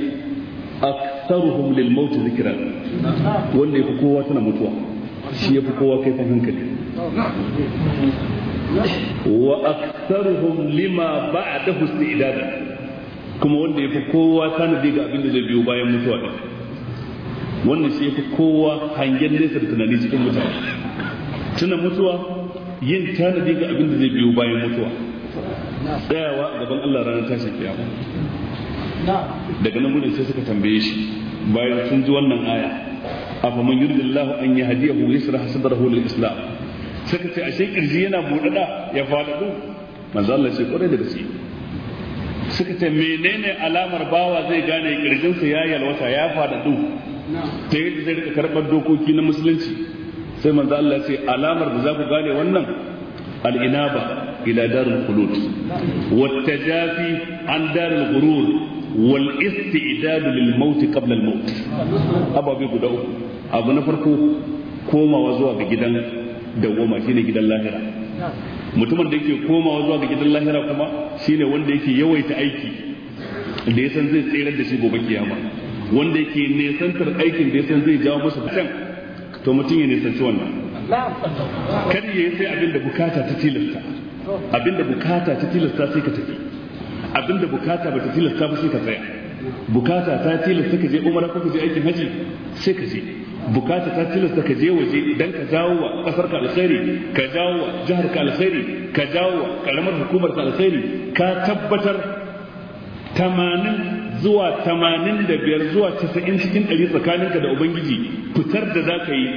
aktharuhum lil maut zikra wanda yafi kowa tana mutuwa shi yafi kowa kaifin hankali wa aktharuhum lima ba'dahu istidada kuma wanda yafi kowa tanadi ga abin da zai biyo bayan mutuwa wannan shi yafi kowa hangen nesa da tunani cikin mutane tuna mutuwa yin tanadi ga abin da zai biyo bayan mutuwa tsayawa gaban Allah ranar tashin kiyama daga nan gudun sai suka tambaye shi bayan sun ji wannan aya afa man yuridillahu an yahdiyahu yasrah sadrahu lil islam suka ce ashe kirji yana budada ya faɗaɗu manzo Allah ce kwarai da gaske suka ce menene alamar bawa zai gane kirjinsa ya yalwata ya faɗaɗu ta yadda zai rika karɓar dokoki na musulunci sai manzo Allah ce alamar da za ku gane wannan al'inaba ba ila darul khulud wat tajafi an darul ghurur wal istidad lil maut qabla al maut guda uku abu na farko komawa zuwa ga gidan dawoma shine gidan lahira mutumin da yake komawa zuwa ga gidan lahira kuma shine wanda yake yawaita aiki da ya san zai tsere da shi gobe kiyama wanda yake nesantar aikin da ya san zai jawo masa fitan to mutum ya nesanci wannan kar ya sai abin da bukata ta tilasta abin da bukata ta tilasta sai ka tafi abin da bukata ba ta tilasta ba sai ka tsaya bukata ta tilasta ka je umara ko ka je aikin haji sai ka je bukata ta tilasta ka je waje dan ka jawo wa kasar ka alkhairi ka jawo wa jahar ka alkhairi ka jawo wa karamar hukumar ka alkhairi ka tabbatar tamanin zuwa tamanin da biyar zuwa casa'in cikin ɗari tsakaninka da ubangiji fitar da za ka yi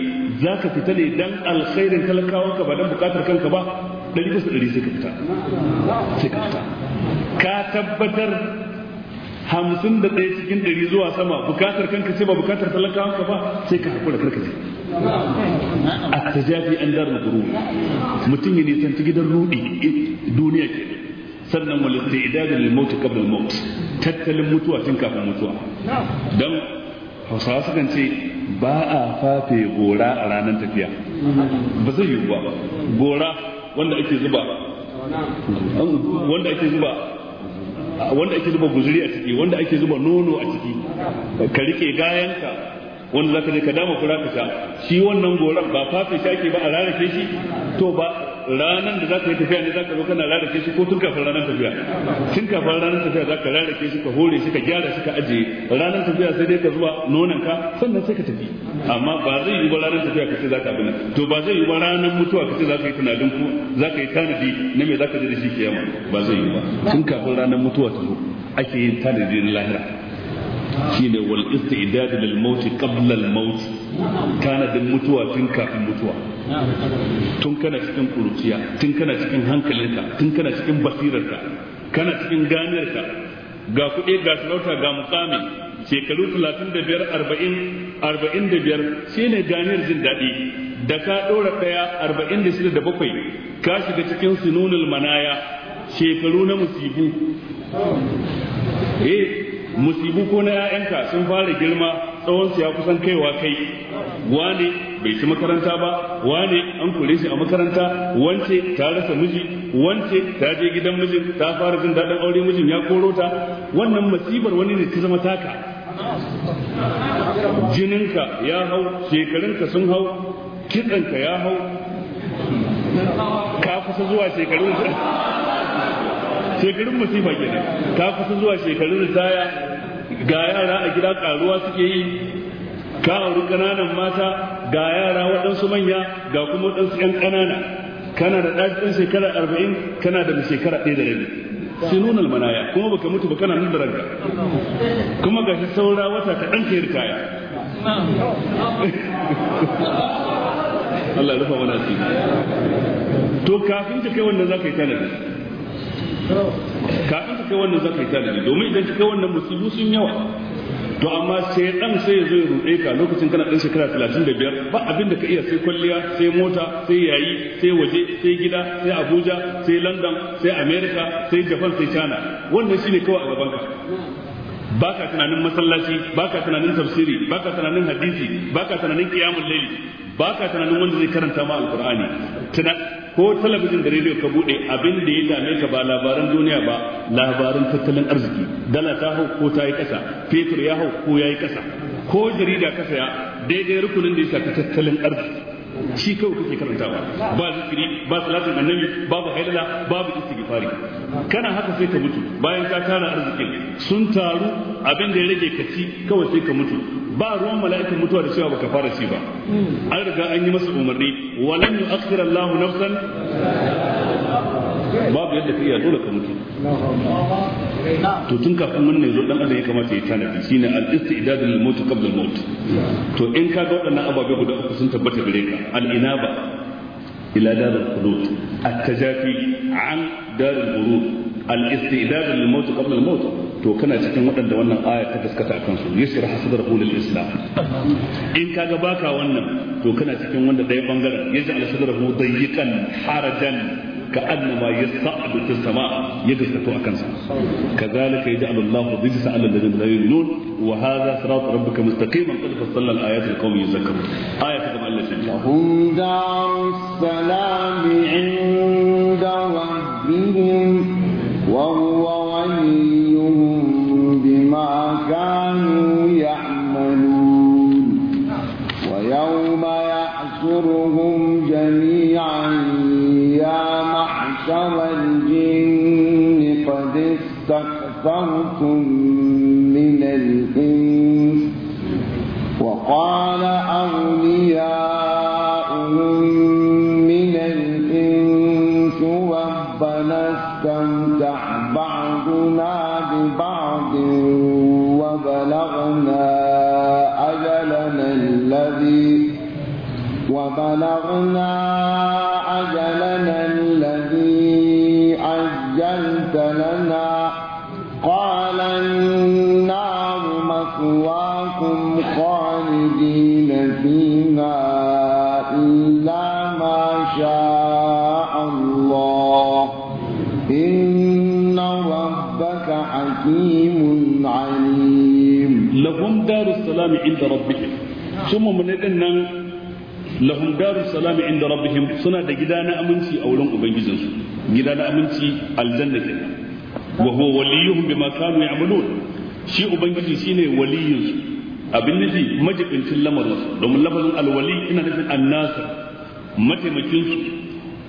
za ka fita ne dan alkhairin talakawanka ba don bukatar kanka ba ɗari sai ka fita sai ka fita ka tabbatar hamsin da ɗaya cikin ɗari zuwa sama bukatar kanka ce ba bukatar talakawanka ba sai ka haƙura karka ce a tajafi an dar na mutum ya nisanci gidan ruɗi duniya ke sannan wani istidad lil da qabla al maut tattalin mutuwa tun kafin mutuwa don hausawa sukan ce ba a fafe gora a ranar tafiya ba zai yiwu ba gora wanda ake zuba wanda ake zuba wanda ake zuba guzuri a ciki wanda ake zuba nono a ciki ka rike gayanka wanda zaka je ka dama fura ka sha shi wannan goran ba fafe shi ake ba a ranar shi to ba ranar da za ka yi tafiya ne za ka zo kana rarrake shi ko tun kafin ranar tafiya tun kafin ranar tafiya za ka rarrake shi ka hore shi ka gyara shi ka ajiye ranar tafiya sai dai ka zuba nonon ka sannan sai ka tafi amma ba zai yi ba ranar tafiya ka ce za ka abin to ba zai yi ba ranar mutuwa ka ce za ka yi tunanin ku za ka yi tanadi na me za ka je da shi kiyama ba zai yi ba tun kafin ranar mutuwa ta zo ake yin tanadi na lahira shine wal istidad lil maut qabla al maut tanadin mutuwa tun kafin mutuwa tun kana cikin kuruciya tun kana cikin hankalinka tun kana cikin basirarka kana cikin ganiyarka ga kuɗe ga sarauta ga mukami shekaru talatin da shi ne ganiyar jin daɗi da ka ɗora ɗaya arba'in ka shiga cikin sununul manaya shekaru na musibu eh musibu ko na 'ya'yanka sun fara girma tsawon ya kusan kaiwa kai wane bai ci makaranta ba wane an kore shi a makaranta wance ta rasa miji wance ta je gidan mijin ta fara jin daɗin aure mijin ya koro ta wannan masibar wani ne ta zama taka jininka ya hau shekarunka sun hau kitsanka ya hau ka kusa zuwa shekarun shekarun masifa kenan ka kusa zuwa shekarun ritaya ga yara a gida karuwa suke yi ka auri ƙananan mata ga yara waɗansu manya ga kuma waɗansu 'yan ƙanana kana da ɗan shekara arba'in kana da shekara ɗaya da rabi nuna almanaya kuma baka mutu ba kana nan da ranka kuma shi saura wata ka ɗan kayar kaya Allah ya rufa mana su to kafin ka kai wannan za ka yi tanadi kafin ka kai wannan za ka yi tanadi domin idan ka kai wannan musibu sun yawa to amma sai dan sai zo ya ruɗe ka lokacin kana dan shekara 35 ba abin da ka iya sai kwalliya sai mota sai yayi sai waje sai gida sai Abuja sai London sai America sai Japan sai China wannan shine kawai a gaban ka baka tunanin masallaci baka tunanin tafsiri baka tunanin hadisi baka tunanin qiyamul ba baka tunanin wanda zai karanta ma alqur'ani ko talabijin da rediyo ka bude abin da ya dame ka ba labaran duniya ba labaran tattalin arziki dala ta hau ko ta yi kasa fetur ya hau ko ya yi kasa ko jarida ka saya daidai rukunin da ya shafi tattalin arziki shi kawai kake karantawa ba zikiri ba salatin annabi babu hailala babu istighfari kana haka sai ka mutu bayan ka tara arzikin sun taru abin da ya rage ka ci kawai sai ka mutu ba ruwan mala'ikan mutuwa da cewa baka fara ci ba hmm. an riga an yi masa umarni walan yu'akhkhira Allahu nafsan babu yadda ka iya dole ka mutu to tun kafin wannan zo dan adam ya kamata ya tanadi shine al-istidad lil maut qabla al-maut to in ka ga waɗannan ababe guda uku sun tabbata gare ka al-inaba ila dar al-qulub at-tajafi an dar al-ghurur al-istidad lil maut qabla al-maut to kana cikin waɗanda wannan aya ta gaskata akan su yusra sadrahu lil islam in ka ga baka wannan to kana cikin wanda ɗaya bangaren yaj'al sadrahu dayyiqan harajan كأنما يصعد في السماء يجلس يدسكتو أكنسا كذلك يجعل الله الرجس على الذين لا يؤمنون وهذا صراط ربك مستقيما قد فصلنا الآيات القوم يذكرون آية كما الله سبحانه لهم دار السلام عند ربهم وهو ولي معشر الجن قد استكثرتم من الإنس وقال أولياؤهم من الإنس ربنا استمتع بعضنا ببعض وبلغنا أجلنا الذي وبلغنا أجلنا الذي عجلت لنا قال النار مثواكم خالدين فيها إلا ما شاء الله إن ربك حكيم عليم لهم دار السلام عند ربهم ثم من إذن lahum darus salami inda rabbihim suna da gida na aminci a wurin ubangijinsu gida na aminci aljanna kenan wa huwa waliyuhum bima kanu ya'malun shi ubangiji shine waliyinsu abin nufi majibincin lamarinsu domin lafazin alwali ina nufin annasa mataimakinsu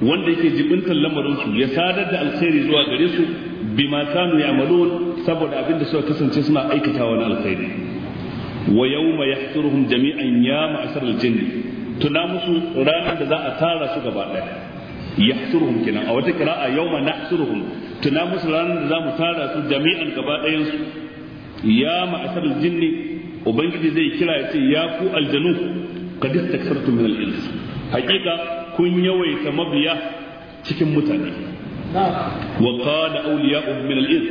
wanda yake jibintar lamarinsu ya sadar da alkhairi zuwa gare su bima kanu ya'malun saboda abin da suka kasance suna aikatawa na alkhairi wa yawma yahsuruhum jami'an ya ma'asar aljinn tuna musu ranar da za a tara su gaba ɗaya yahsuruhum kenan a wata kira'a yawma nahsuruhum tuna musu ranar da za mu tara su jami'an gaba ɗayan su ya ma'asarul jinni ubangiji zai kira ya ce ya ku aljanu qad istakthartum min al-ins kun yawaita mabiya cikin mutane wa qala awliya'uhum min al-ins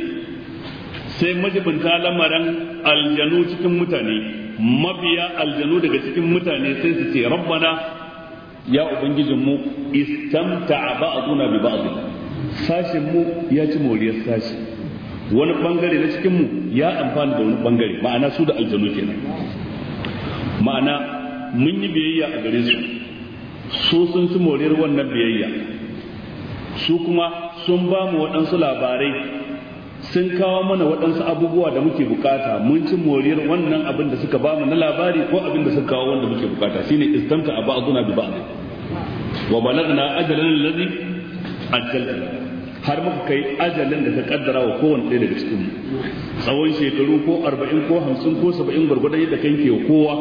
sai majibinta lamaran aljanu cikin mutane mafiya aljanu daga cikin mutane sai su ce rabbana ya ubangijin mu istamta ba'duna bi ba'd sashin mu ya ci moriyar sashi wani bangare na cikin mu ya amfana da wani bangare ma'ana su da aljanu kenan ma'ana mun yi biyayya a gare su su sun ci moriyar wannan biyayya su kuma sun ba mu waɗansu labarai sun kawo mana waɗansu abubuwa da muke bukata mun ci moriyar wannan abin da suka bamu na labari ko abin da suka kawo wanda muke bukata shine istamta a ba'duna bi ba'd wa balagna ajalan alladhi ajalna har muka kai ajalin da ka kaddara wa kowanne ɗaya daga cikin tsawon shekaru ko 40 ko 50 ko 70 gurgurdan yadda kanke wa kowa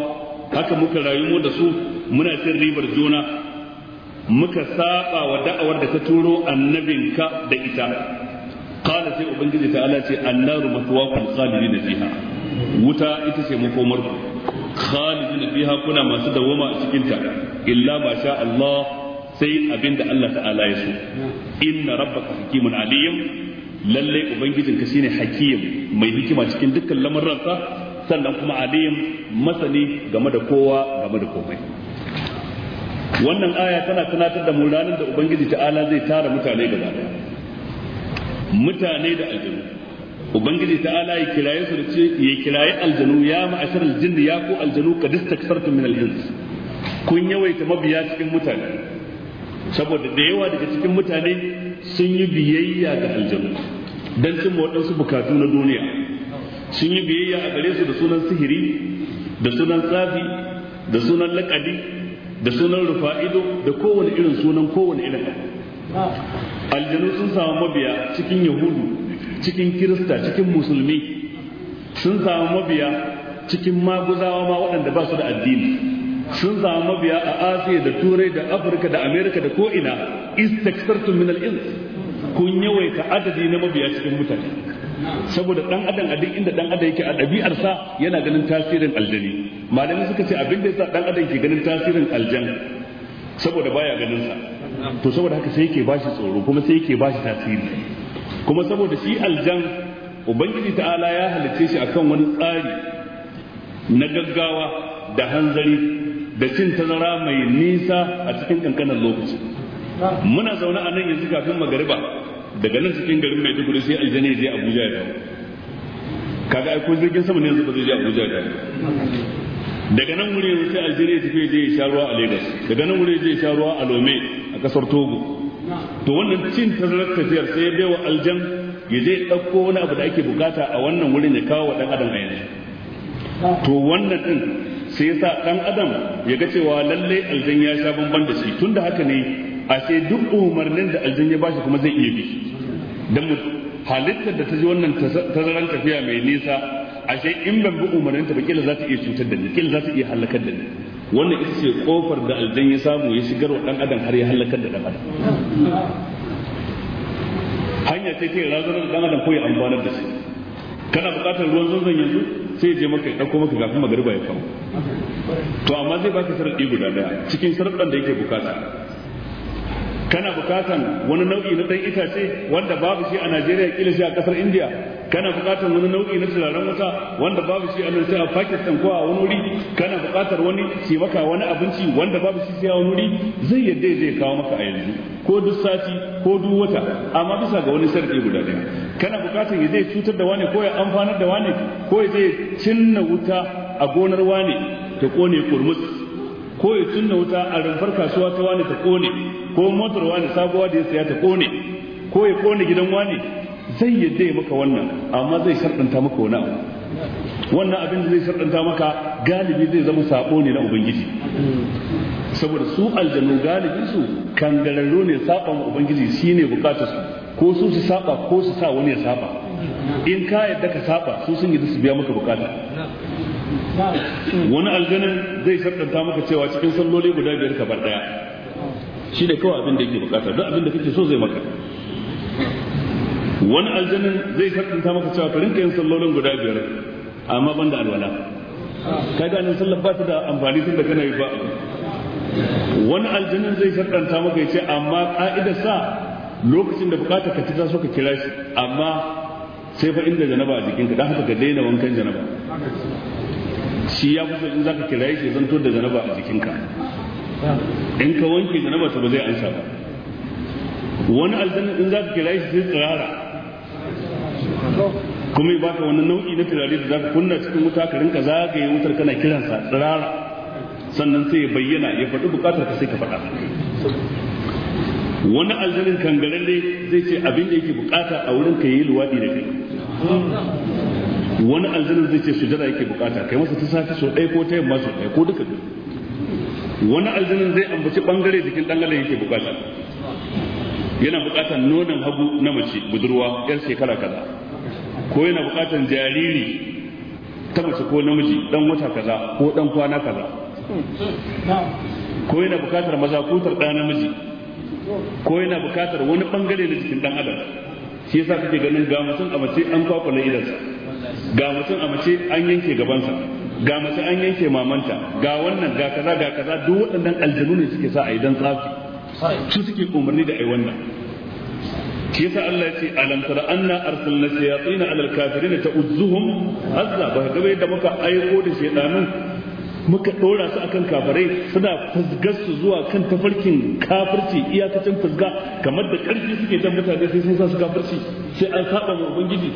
haka muka rayu mu da su muna cin ribar juna muka saba wa da'awar da ka turo annabinka da ita sai ubangiji ta ce annaru maswaqul khalidin fiha wuta ita ce makomar ku khalidin fiha kuna masu dawoma a cikin ta illa ma sha Allah sai abinda Allah ta'ala ya so inna rabbaka hakimun alim lalle ka shine hakim mai hikima cikin dukkan lamuransa sannan kuma alim masani game da kowa game da komai wannan aya tana tunatar da mu ranar da ubangiji ta'ala zai tara mutane gaba daya mutane da aljanu ubangiji ta'ala ya kiraye su da ce ya kiraye aljanu ya ma'ashar aljin ya ku aljanu ka distaksartu min aljins kun yawaita mabiya cikin mutane saboda da yawa daga cikin mutane sun yi biyayya ga aljanu don cin waɗansu bukatu na duniya sun yi biyayya a gare su da sunan sihiri da sunan tsafi da sunan lakadi da sunan rufa'ido da kowane irin sunan kowane irin aljanu sun samu mabiya cikin yahudu cikin kirista cikin musulmi sun samu mabiya cikin maguzawa ma waɗanda ba su da addini sun samu mabiya a asiya da turai da afirka da amerika da ko'ina istaksartun min al'ins kun yawaita adadi na mabiya cikin mutane saboda dan adam a duk inda dan adam yake a sa yana ganin tasirin aljani malamai suka ce abin da yasa dan adam ke ganin tasirin aljan saboda baya ganin sa to saboda haka sai yake bashi tsoro kuma sai yake bashi tasiri kuma saboda shi aljan ubangiji ta'ala ya halice shi akan wani tsari na gaggawa da hanzari da cin tazara mai nisa a cikin kankanan lokaci muna zaune a nan yanzu kafin magariba daga nan cikin garin mai duguri sai aljana je abuja ya dawo kaga ai ko jirgin sama ne yanzu ba zai je abuja ya dawo daga nan wuri yanzu sai aljana ya tafi je ya sha ruwa a lagos daga nan wuri ya je ya sha ruwa a lome a kasar togo to wannan cin tazarar tafiyar sai ya baiwa aljan ya je ɗauko wani abu da ake bukata a wannan wurin ya kawo wa ɗan adam a yanzu to wannan ɗin sai ya sa ɗan adam ya ga cewa lallai aljan ya sha bamban da shi tun da haka ne a sai duk umarnin da aljan ya bashi kuma zai iya bi mu halittar da ta ji wannan tazarar tafiya mai nisa ashe in ban bi umarninta ba kila za ta iya cutar da ni kila za ta iya halakar da ni wannan ita ce kofar da aljan ya samu ya shigar wa adam har ya halakar da dan adam hanya ce ta razanar da dan adam ko ya amfanar da shi kana buƙatar ruwan zanzan yanzu sai je maka ya ɗauko maka kafin magariba ya kawo to amma zai baka sharaɗi guda daya cikin sharaɗin da yake bukata kana bukatan wani nau'i na ɗan itace wanda babu shi a Najeriya kila shi a ƙasar Indiya kana buƙatar wani nau'i na turaren wuta wanda babu shi a nan sai a Pakistan ko a wani wuri kana buƙatar wani ce maka wani abinci wanda babu shi sai a wani wuri zai yadda zai kawo maka a yanzu ko duk sati ko duk wata amma bisa ga wani sharadi guda ɗaya kana buƙatar ya zai cutar da wani ko ya amfanar da wani ko ya zai cinna wuta a gonar wani ta kone kurmus ko ya cinna wuta a rumfar kasuwa ta wani ta kone ko motar wani sabuwa da ya saya ta kone ko ya kone gidan wani zai yadda ya maka wannan amma zai sarɗanta maka wani abu wannan abin da zai sarɗanta maka galibi zai zama sabo ne na ubangiji saboda su aljanu galibi su kangararru ne saba ma ubangiji shine bukatar su ko su su saba ko su sa wani ya saba in ka yadda ka saba su sun yi su biya maka bukata wani aljanin zai sarɗanta maka cewa cikin salloli guda biyar ka bar ɗaya shi ne kawai abin da yake bukata duk abin da kake so zai maka wani aljanin zai sarkinta maka cewa ka rinka yin sallolin guda biyar amma ban da alwala ka ganin sallar ba ta da amfani tun da kana yi ba wani aljanin zai sarkinta maka ce amma ka'ida sa lokacin da bukata ka ci ta so ka kira shi amma sai fa inda janaba a jikinka dan haka ka daina wankan janaba shi ya fito in zaka kira shi zan zanto da janaba a jikinka in ka wanke janaba ta ba zai ansa ba wani aljanin in zaka kira shi sai tsirara kuma ya baka wani nau'i na turare da zaka kunna cikin wuta ka rinka zagaye wutar kana kiransa tsirara sannan sai ya bayyana ya faɗi buƙatar ka sai ka faɗa wani aljanin kangararre zai ce abin da yake buƙata a wurin ka yi luwaɗi da kai wani aljanin zai ce sujada yake buƙata kai masa ta sace sau ɗaya ko ta yamma sau ɗaya ko duka biyu wani aljanin zai ambaci bangare jikin ɗan yake buƙata yana buƙatar nonon hagu na mace budurwa yar shekara kaza ko yana bukatan jariri ta mace ko namiji dan wata kaza ko dan kwana kaza ko yana bukatar maza ko tar dan namiji ko yana bukatar wani bangare na jikin dan adam shi yasa kake ganin ga mutum a mace an na idansa ga mutum a mace an yanke gabansa ga mace an yanke mamanta ga wannan ga kaza ga kaza duk waɗannan aljanu ne suke sa a idan tsafi su suke umarni da ai wannan Ke yasa Allah ya ce alam tara anna arsalna shayatin ala alkafirin ta'uzzuhum azza ba ka ga yadda muka aiko da shedanin muka dora su akan kafirai suna fusgar su zuwa kan tafarkin kafirci iyakacin fusga kamar da karfi suke da mutane sai sun sa su kafirci sai an saba mu ubangiji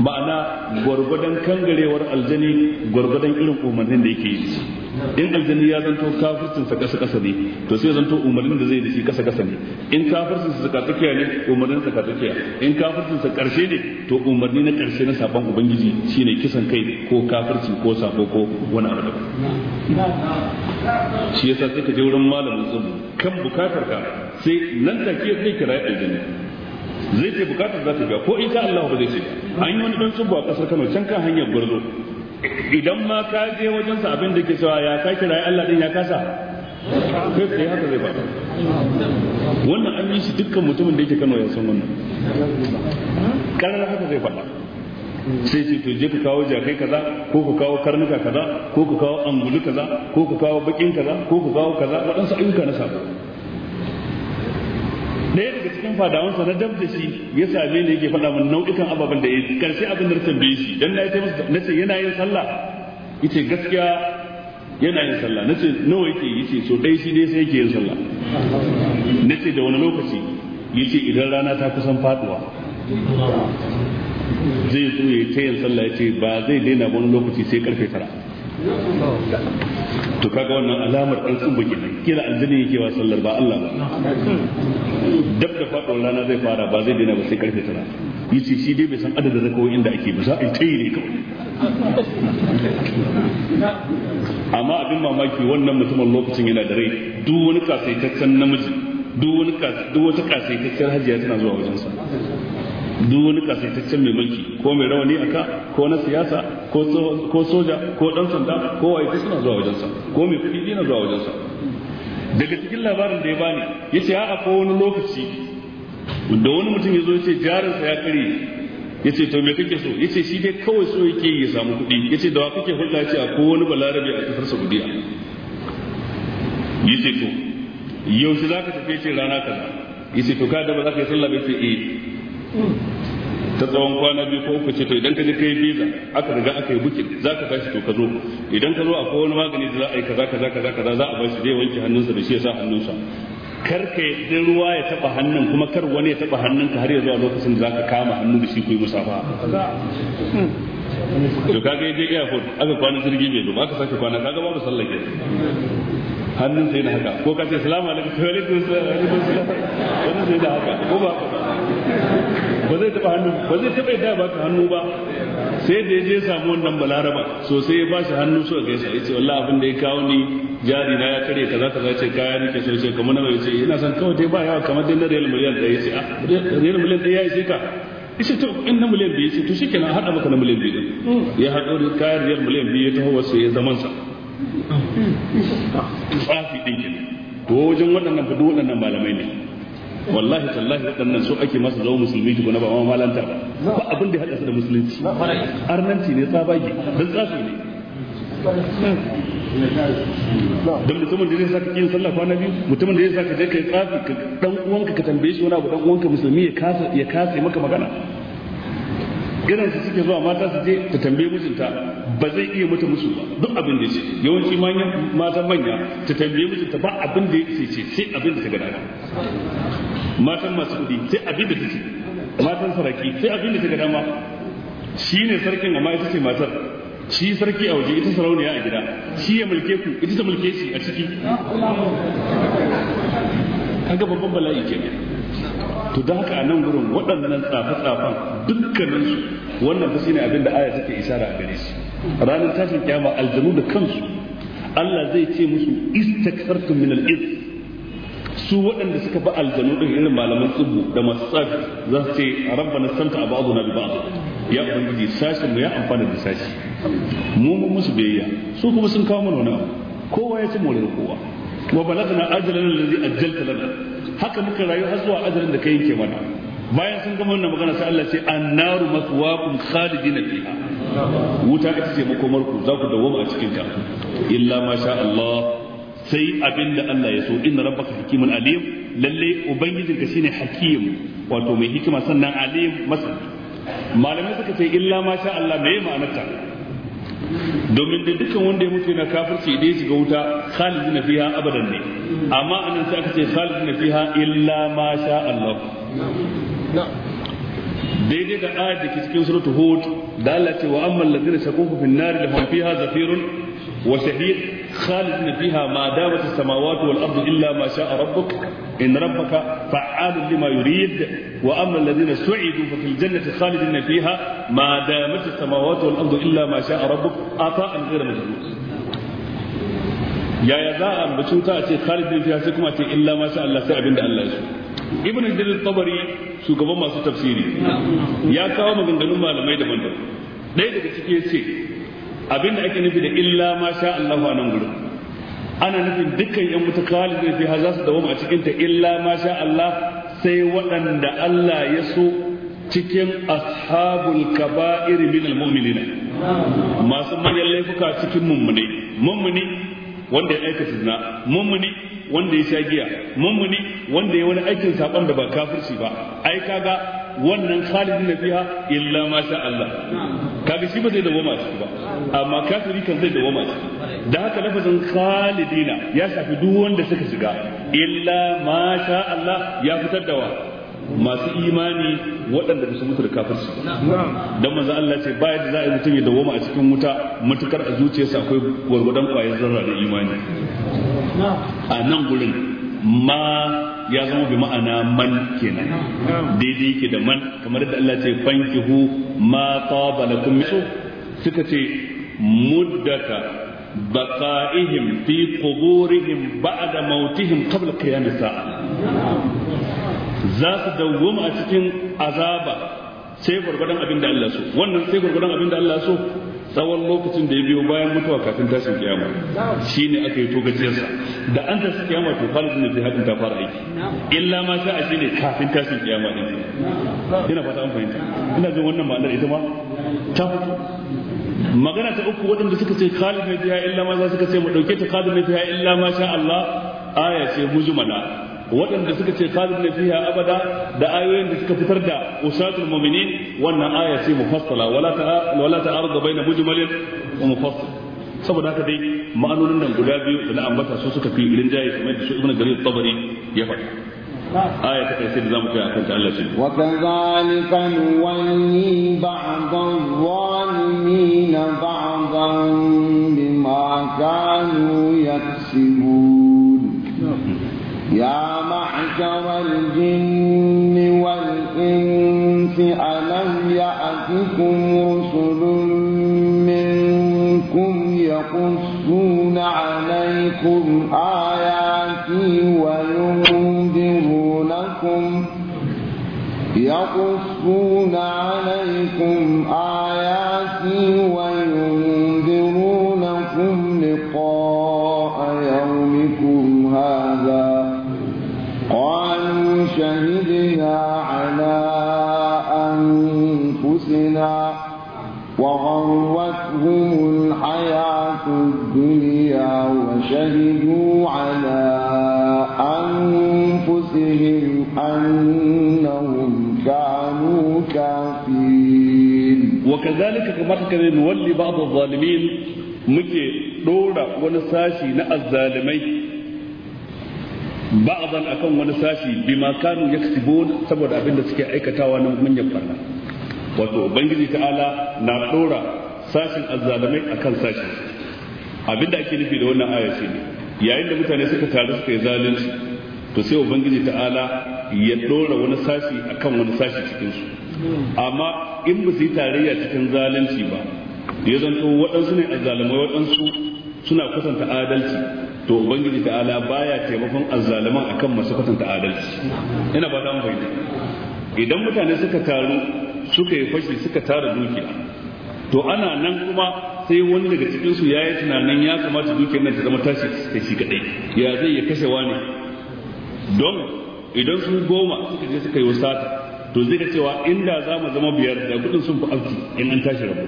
ma'ana gwargwadon kangarewar aljani gwargwadon irin umarnin da yake yi in aljani ya zanto sa kasa kasa ne to sai zanto umarnin da zai da kasa kasa ne in kafircin kafircinsa tsakatsakiya ne umarnin tsakatsakiya in kafircin sa karshe ne to umarni na karshe na saban ubangiji shine kisan kai ko kafirci ko sako ko wani abu daban shi yasa sai ka je wurin malamin tsubu kan bukatar ka sai nan take kai kira aljani zai ce bukatar za ta biya ko in sha Allah ba zai ce an yi wani dan tsubu a kasar Kano can kan hanyar gurzo idan ma ka je wajen sa abin da ke cewa ya ka kira Allah din ya kasa kai sai haka zai ba wannan an yi shi dukkan mutumin da yake Kano ya san wannan da haka zai faɗa sai ce to je ka kawo jakai kaza ko ka kawo karnuka kaza ko ka kawo angulu kaza ko ka kawo bakin kaza ko ka kawo kaza waɗansu ayyuka na sabo ɗaya daga cikin fadawansa na dab da shi ya same ni yake faɗa min nau'ikan ababen da ya yi karshe abin da na tambaye shi dan na yi na ce yana yin sallah yace gaskiya yana yin sallah na ce nawa yake yace so ɗaya shi ne sai yake yin sallah na ce da wani lokaci yace idan rana ta kusan faduwa zai zo ya ta yin sallah yace ba zai daina wani lokaci sai karfe tara to kaga wannan alamar dan tsumba kenan kila aljini yake wa sallar ba Allah ba dab da fadon rana zai fara ba zai daina ba sai karfe 9 yace shi dai bai san adadin rakawoyin inda ake ba za a yi tayi ne kawai amma abin mamaki wannan mutumin lokacin yana da rai duk wani kasaitaccen namiji duk wani duk wata kasaitaccen hajiya tana zuwa wajensa duk wani kasaitaccen mai mulki ko mai rawani a ka ko na siyasa ko soja ko dan sanda ko waye suna zuwa wajensa ko mai kuɗi na zuwa wajensa daga cikin labarin da ya bani ya ce a ko wani lokaci da wani mutum ya zo ya ce jarinsa ya kare ya ce to me kake so ya ce shi dai kawai so yake ya samu kuɗi ya ce da wa kake hulɗa ce a ko wani balarabe a kasar saudiya ya ce to yaushe za ka tafi ya ce rana kaza ya ce to ka da ba za ka yi sallah ba ya ce eh ta tsawon kwana biyu ko uku ce to idan ka je kai visa aka riga aka yi bukin za ka tashi to ka zo idan ka zo akwai wani magani da za a yi kaza kaza kaza kaza za a ba shi zai wanke hannunsa da shi ya sa hannunsa kar ka yi ruwa ya taba hannun kuma kar wani ya taba hannunka har ya zuwa lokacin da za ka kama hannu da shi ku yi musafa to ga yaje airport aka kwana jirgi bai zo ba aka sake kwana ga babu sallake hannun sai na haka ko ka ce salamu alaikum wa alaikum salam wannan sai da haka ko ba ba zai taba hannu ba zai taba yadda ba ka hannu ba sai da ya je samu wannan balaraba sai ya ba shi hannu so ga yasa ce wallahi abin da ya kawo ni jari na ya kare kaza kaza ce kaya nake so ce kamar nawa ce ina san kawai dai ba yawa kamar dai na real miliyan ɗaya yace a ah, real miliyan ɗaya yace ka ishe to in na miliyan biyu yace to shikenan haɗa maka na miliyan biyu ya haɗo da kayan real miliyan biyu ya taho wasu ya zaman sa tsafi din kenan to wajen waɗannan fa waɗannan malamai ne wallahi tallahi waɗannan so ake masa zama musulmi ko na ba ma malanta ba ba abin da ya haɗa su da musulunci arnanci ne tsabage dan tsafi ne don mutumin da zai saka kin sallah kwana biyu mutumin da zai saka je kai tsafi ka ɗan uwanka ka tambaye shi wani abu ɗan uwanka musulmi ya kasa ya kasa maka magana irin su suke zuwa mata su je ta tambaye mijinta ba zai iya mata musu ba duk abin da ce yawanci manya mata manya ta tambaye mijinta ba abin da ya ce sai abin da ta ga dama matan masu kudi sai abin da ta ce matan saraki sai abin da ta ga dama shi ne sarkin amma ita ce matar shi sarki a waje ita sarauniya a gida shi ya mulke ku ita ta mulke shi a ciki kaga babban bala'i kenan to da haka a nan gurin waɗannan tsafe-tsafen dukkaninsu wannan fa shine abin da aya take isara a gare shi ranar tashin kiyama aljanu da kansu Allah zai ce musu istakthartum min al-iz su waɗanda suka ba aljanu din irin malaman tsibbu da masu tsafi za su ce rabbana santa na bi ba'd ya ubangiji sashin mu ya amfana da sashi mu mu musu biyayya su kuma sun kawo mana wani abu kowa ya ci da kowa wa balagna ajalan allazi ajjalta lana haka muka rayu har zuwa ajalin da ka yanke mana bayan sun gama wannan magana sai Allah ce annaru maswaqum khalidina fiha wuta ita ce makomar ku za ku dawoma a cikin ta illa ma sha Allah sai abinda Allah ya so inna rabbaka hakimun alim lalle ka shine hakim wato mai hikima sannan alim masal malamai suka ce illa ma sha Allah me ma'anarta domin da dukkan wanda ya mutu yana kafirci idan ya shiga wuta khalidina fiha abadan ne amma anan sai aka ce khalidina fiha illa ma sha Allah daidai da ayat da ke cikin suratul hud da Allah ce wa amman ladina shakufu fin nar lahum fiha zafirun wa shahid khalidina fiha ma damat as-samawati wal ardu illa ma sha'a rabbuk in rabbaka fa'alun lima yurid wa amman ladina su'idu fa fil jannati khalidina fiha ma damat as-samawati wal ardu illa ma sha'a rabbuk ata'an ghayra majnun yaya za a ambaci wuta a ce khalidin fiha sai kuma a ce illa ma sha Allah sai abinda Allah ya so ibn jarir tabari shugaban masu tafsiri ya kawo maganganun malamai daban-daban ɗaya daga ciki ya ce abin ake nufi da illa ma sha Allah a nan gurin ana nufin dukkan yan mutu da fi za su dawo a cikin ta illa ma sha Allah sai waɗanda Allah ya so cikin ashabul kaba'ir min almu'minina masu manyan laifuka cikin mummuni mummuni wanda ya aikata zina mummuni wanda ya sha giya mummuni wanda ya wani aikin saban da ba kafirci ba ai kaga wannan khalidin biya illa ma sha Allah kaga shi ba zai dawo masu ba amma kafiri kan zai dawo masu da haka lafazin khalidina ya shafi duk wanda suka shiga illa ma sha Allah ya fitar da wa masu imani waɗanda su mutu da kafirci don manzo Allah ce bayan da za a yi mutum ya dawoma a cikin wuta matukar a zuciyarsa akwai gwargwadon kwayar zarra da imani a nan gurin ma ya zama bi ma'ana man kenan daidai yake da man kamar da Allah ce hu, ma taba lakum suka ce muddaka بقائهم في da بعد kabla قبل قيام sa'a za su dawwama a cikin azaba sai gurgurdan abin da Allah so wannan sai gurgurdan abin da Allah so tsawon lokacin da ya biyo bayan mutuwa kafin tashin kiyama shine aka yi to gajiyarsa da an tashi kiyama to ne zai hadin ta fara aiki illa ma sha'a ne kafin tashin kiyama din ina fata an fahimta ina jin wannan ma'anar ita ma ta fito magana ta uku waɗanda suka ce ne zai illa ma za suka ce mu dauke ta ne zai illa ma sha Allah aya ce mujmala waɗanda suka ce khalidina fiha abada da ayoyin da suka fitar da usatul mu'minin wannan aya ce mufassala wala ta wala ta'arud baina mujmalin wa mufassal saboda haka dai ma'anonin nan guda biyu da na ambata su suka fi rinjaye kamar da su ibnu jarir tabari ya faɗa آية تكسير زمك أكنت ألا شيء وكذلك نولي بعض الظالمين بعضا بما كانوا يكسبون يا معشر الجن والإنس ألم يأتكم رسل منكم يقصون عليكم آياتي وينذرونكم يقصون عليكم آياتي شهدنا على أنفسنا وغرتهم الحياة الدنيا وشهدوا على أنفسهم أنهم كانوا كافرين وكذلك كما تكرر نولي بعض الظالمين مجي دورة ونساشي نأى الظالمين ba'dan akan wani sashi ma kanu yaksibun saboda abin da suke aikatawa na manyan barna wato ubangiji ta'ala na dora sashin azzalamai akan sashi abin da ake nufi da wannan aya ne yayin da mutane suka taru suka yi zalunci to sai ubangiji ta'ala ya dora wani sashi akan wani sashi cikin su amma in ba su yi tarayya cikin zalunci ba ya zanto waɗansu ne azzalamai waɗansu suna kusanta adalci to ubangiji ta'ala baya taimakon azzaluman akan masu kwatanta adalci ina ba mu fahimta idan mutane suka taru suka yi fashi suka tara dukiya to ana nan kuma sai wani daga cikin su yayi tunanin ya kamata dukiyar nan ta zama tashi ta shi kadai ya zai ya kashe wani don idan su goma suka je suka yi wasata to zai ga cewa inda za mu zama biyar da kudin sun fi auki in an tashi rabo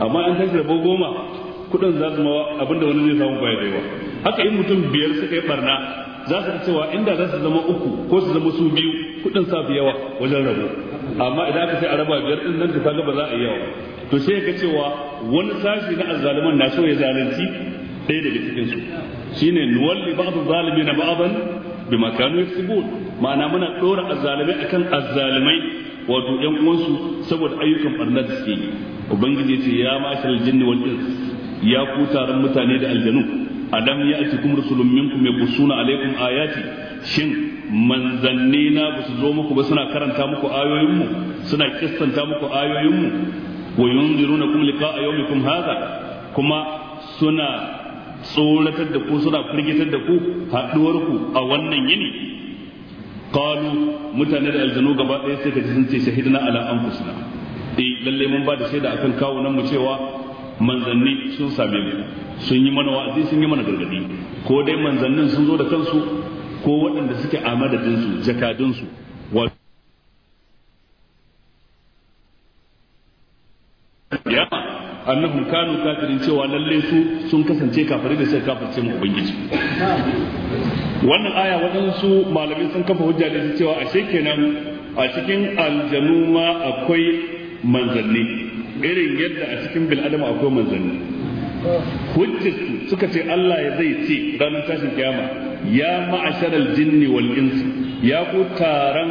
amma an tashi rabo goma kudin za su ma abinda wani zai samu baya da yawa haka in mutum biyar suka yi barna za su cewa inda za su zama uku ko su zama su biyu kudin sa yawa wajen rabo amma idan aka sai a raba biyar din nan ta ba za a yi yawa to sai ga cewa wani sashi na azzaluman na so ya zalunci ɗaya daga cikin su shine nuwalli ba'd zalimin ba'dan bima kanu yaksubun ma'ana muna dora azzalimai akan azzalimai wato yan uwansu saboda ayyukan barnar da suke yi ubangiji ce ya ma'ashal jinni wal ins ya ku taron mutane da aljanu Adam ya alam ya'tikum rusulun minkum yaqussuna alaykum ayati shin manzanni na ba su zo muku ba suna karanta muku ayoyinmu suna kistanta muku ayoyinmu wa yunzirunakum liqa'a yawmikum hadha kuma suna tsoratar da ku suna firgitar da ku haduwar ku a wannan yini qalu mutane da aljanu gaba ɗaya sai ka ji sun ce shahidna ala anfusina eh lalle mun ba da shaida akan kawo nan mu cewa manzanni sun same mu sun yi mana wa'azi sun yi mana gargadi ko dai manzannin sun zo da kansu ko waɗanda suke a madadinsu jakadunsu wato annahum kanu kafirin cewa lalle su sun kasance kafirai da suka kafirce mu ubangiji wannan aya waɗansu malamai sun kafa hujja da cewa ashe kenan a cikin aljanu ma akwai manzanni irin yadda a cikin bil'adama akwai manzanni hujjarsu suka ce Allah ya zai ce ranar tashin kiyama ya ma'ashar aljinni wal ya ku taron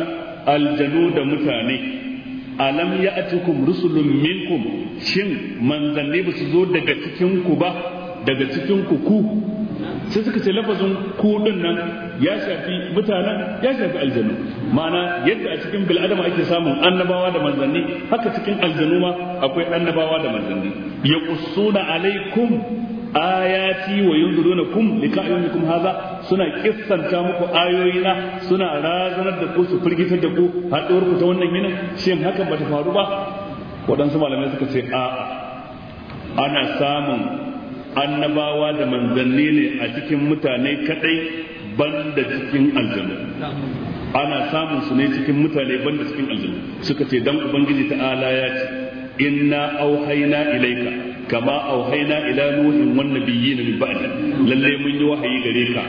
aljanu da mutane alam ya atikum rusulun minkum shin manzanni ba su zo daga cikin ku ba daga cikin ku ku sai suka ce lafazin kudin nan ya shafi mutanen ya shafi aljanu ma'ana yadda a cikin bil'adama ake samun annabawa da manzanni haka cikin aljanu ma akwai annabawa da manzanni ya kusuna alaikum ayati wa yunzirunakum lika'ayumikum haza, suna kissanta muku ayoyi na suna razanar da ku su firgitar da ku haɗuwar ku ta wannan yinin shin hakan ba ta faru ba waɗansu malamai suka ce a ana samun annabawa da manzanni ne a cikin mutane kadai banda cikin aljanu ana samun su ne cikin mutane banda cikin aljanu suka ce dan ubangiji ta'ala ya ce inna auhayna ilaika kama auhayna ila nuhin wan nabiyyin min ba'd lalle mun yi wahayi gare ka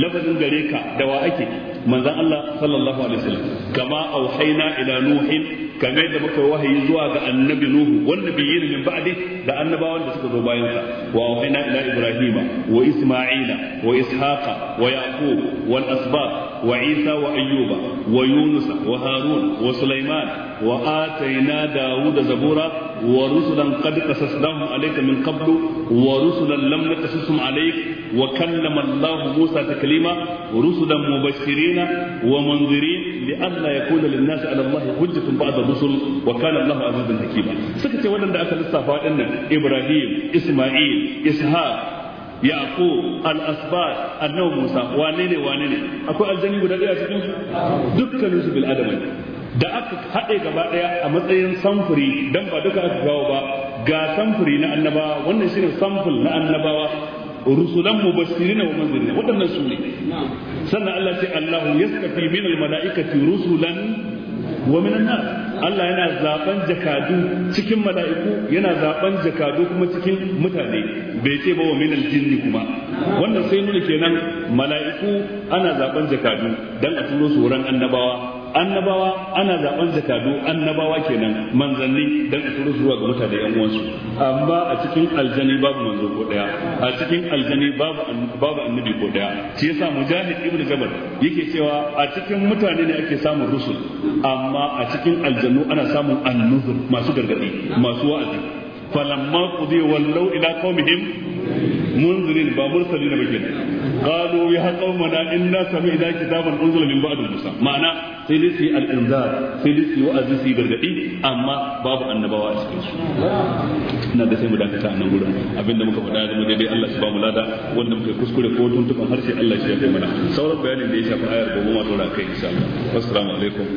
lafazin gare ka da wa ake manzon Allah sallallahu alaihi wasallam kama auhayna ila nuhin kamar yadda muka wahayi zuwa ga annabi nuhu wan nabiyyin min ba'di da annabawan da suka zo bayan sa wa auhayna ila ibrahima wa isma'ila wa ishaqa wa yaqub wal asbab wa isa wa ayyuba wa yunusa wa harun wa sulaiman wa atayna dawuda zabura wa rusulan qad qasasnahum alayka min qablu wa rusulan lam naqasusum alayk wa kallama Allah Musa taklima wa rusulan mubashirin wa munzirin li'alla yakuna lin-nas 'ala Allah hujjatun ba'da rusul wa kana Allah azizan ce wadanda aka lissafa wadannan Ibrahim Isma'il Ishaq yaqub al-asbat annabi musa wane ne wane ne akwai aljani guda daya cikin su dukkanin su bil adama da aka haɗe gaba ɗaya a matsayin samfuri don ba duka aka kawo ba ga samfuri na annabawa wannan shine samfur na annabawa rusulan mu na wa munzirina waɗannan su ne sannan Allah ce Allahu yastafi min almalaikati rusulan wa min annas Allah yana zaben jakadu cikin mala'iku yana zaben jakadu kuma cikin mutane bai ce ba wa min aljinni kuma wannan sai nuna kenan mala'iku ana zaben jakadu dan a turo su wurin annabawa annabawa ana zaben zakadu annabawa kenan manzanni dan turu zuwa ga mutane yan uwansu amma a cikin aljani babu manzo ko daya a cikin aljani babu babu annabi ko daya shi yasa mujahid ibnu jabal yake cewa a cikin mutane ne ake samun rusul amma a cikin aljannu ana samun annuzur masu gargadi masu wa'azi falamma qudi wallau ila qaumihim munzirin ba mursalin ba kenan qalu ya qaumana inna sami'na kitaban unzila min ba'd musa ma'ana sai dai sai al-inzar sai dai sai wa'azi sai gargadi amma babu annabawa a cikin su ina da sai mu dakata a nan gurin abinda muka faɗa da mu daidai Allah ba mu lada wanda muka kuskure ko tuntuban harshe Allah shi ya kai mana sauran bayanin da ya shafi ayar gobe ma dora kai insha Allah assalamu alaikum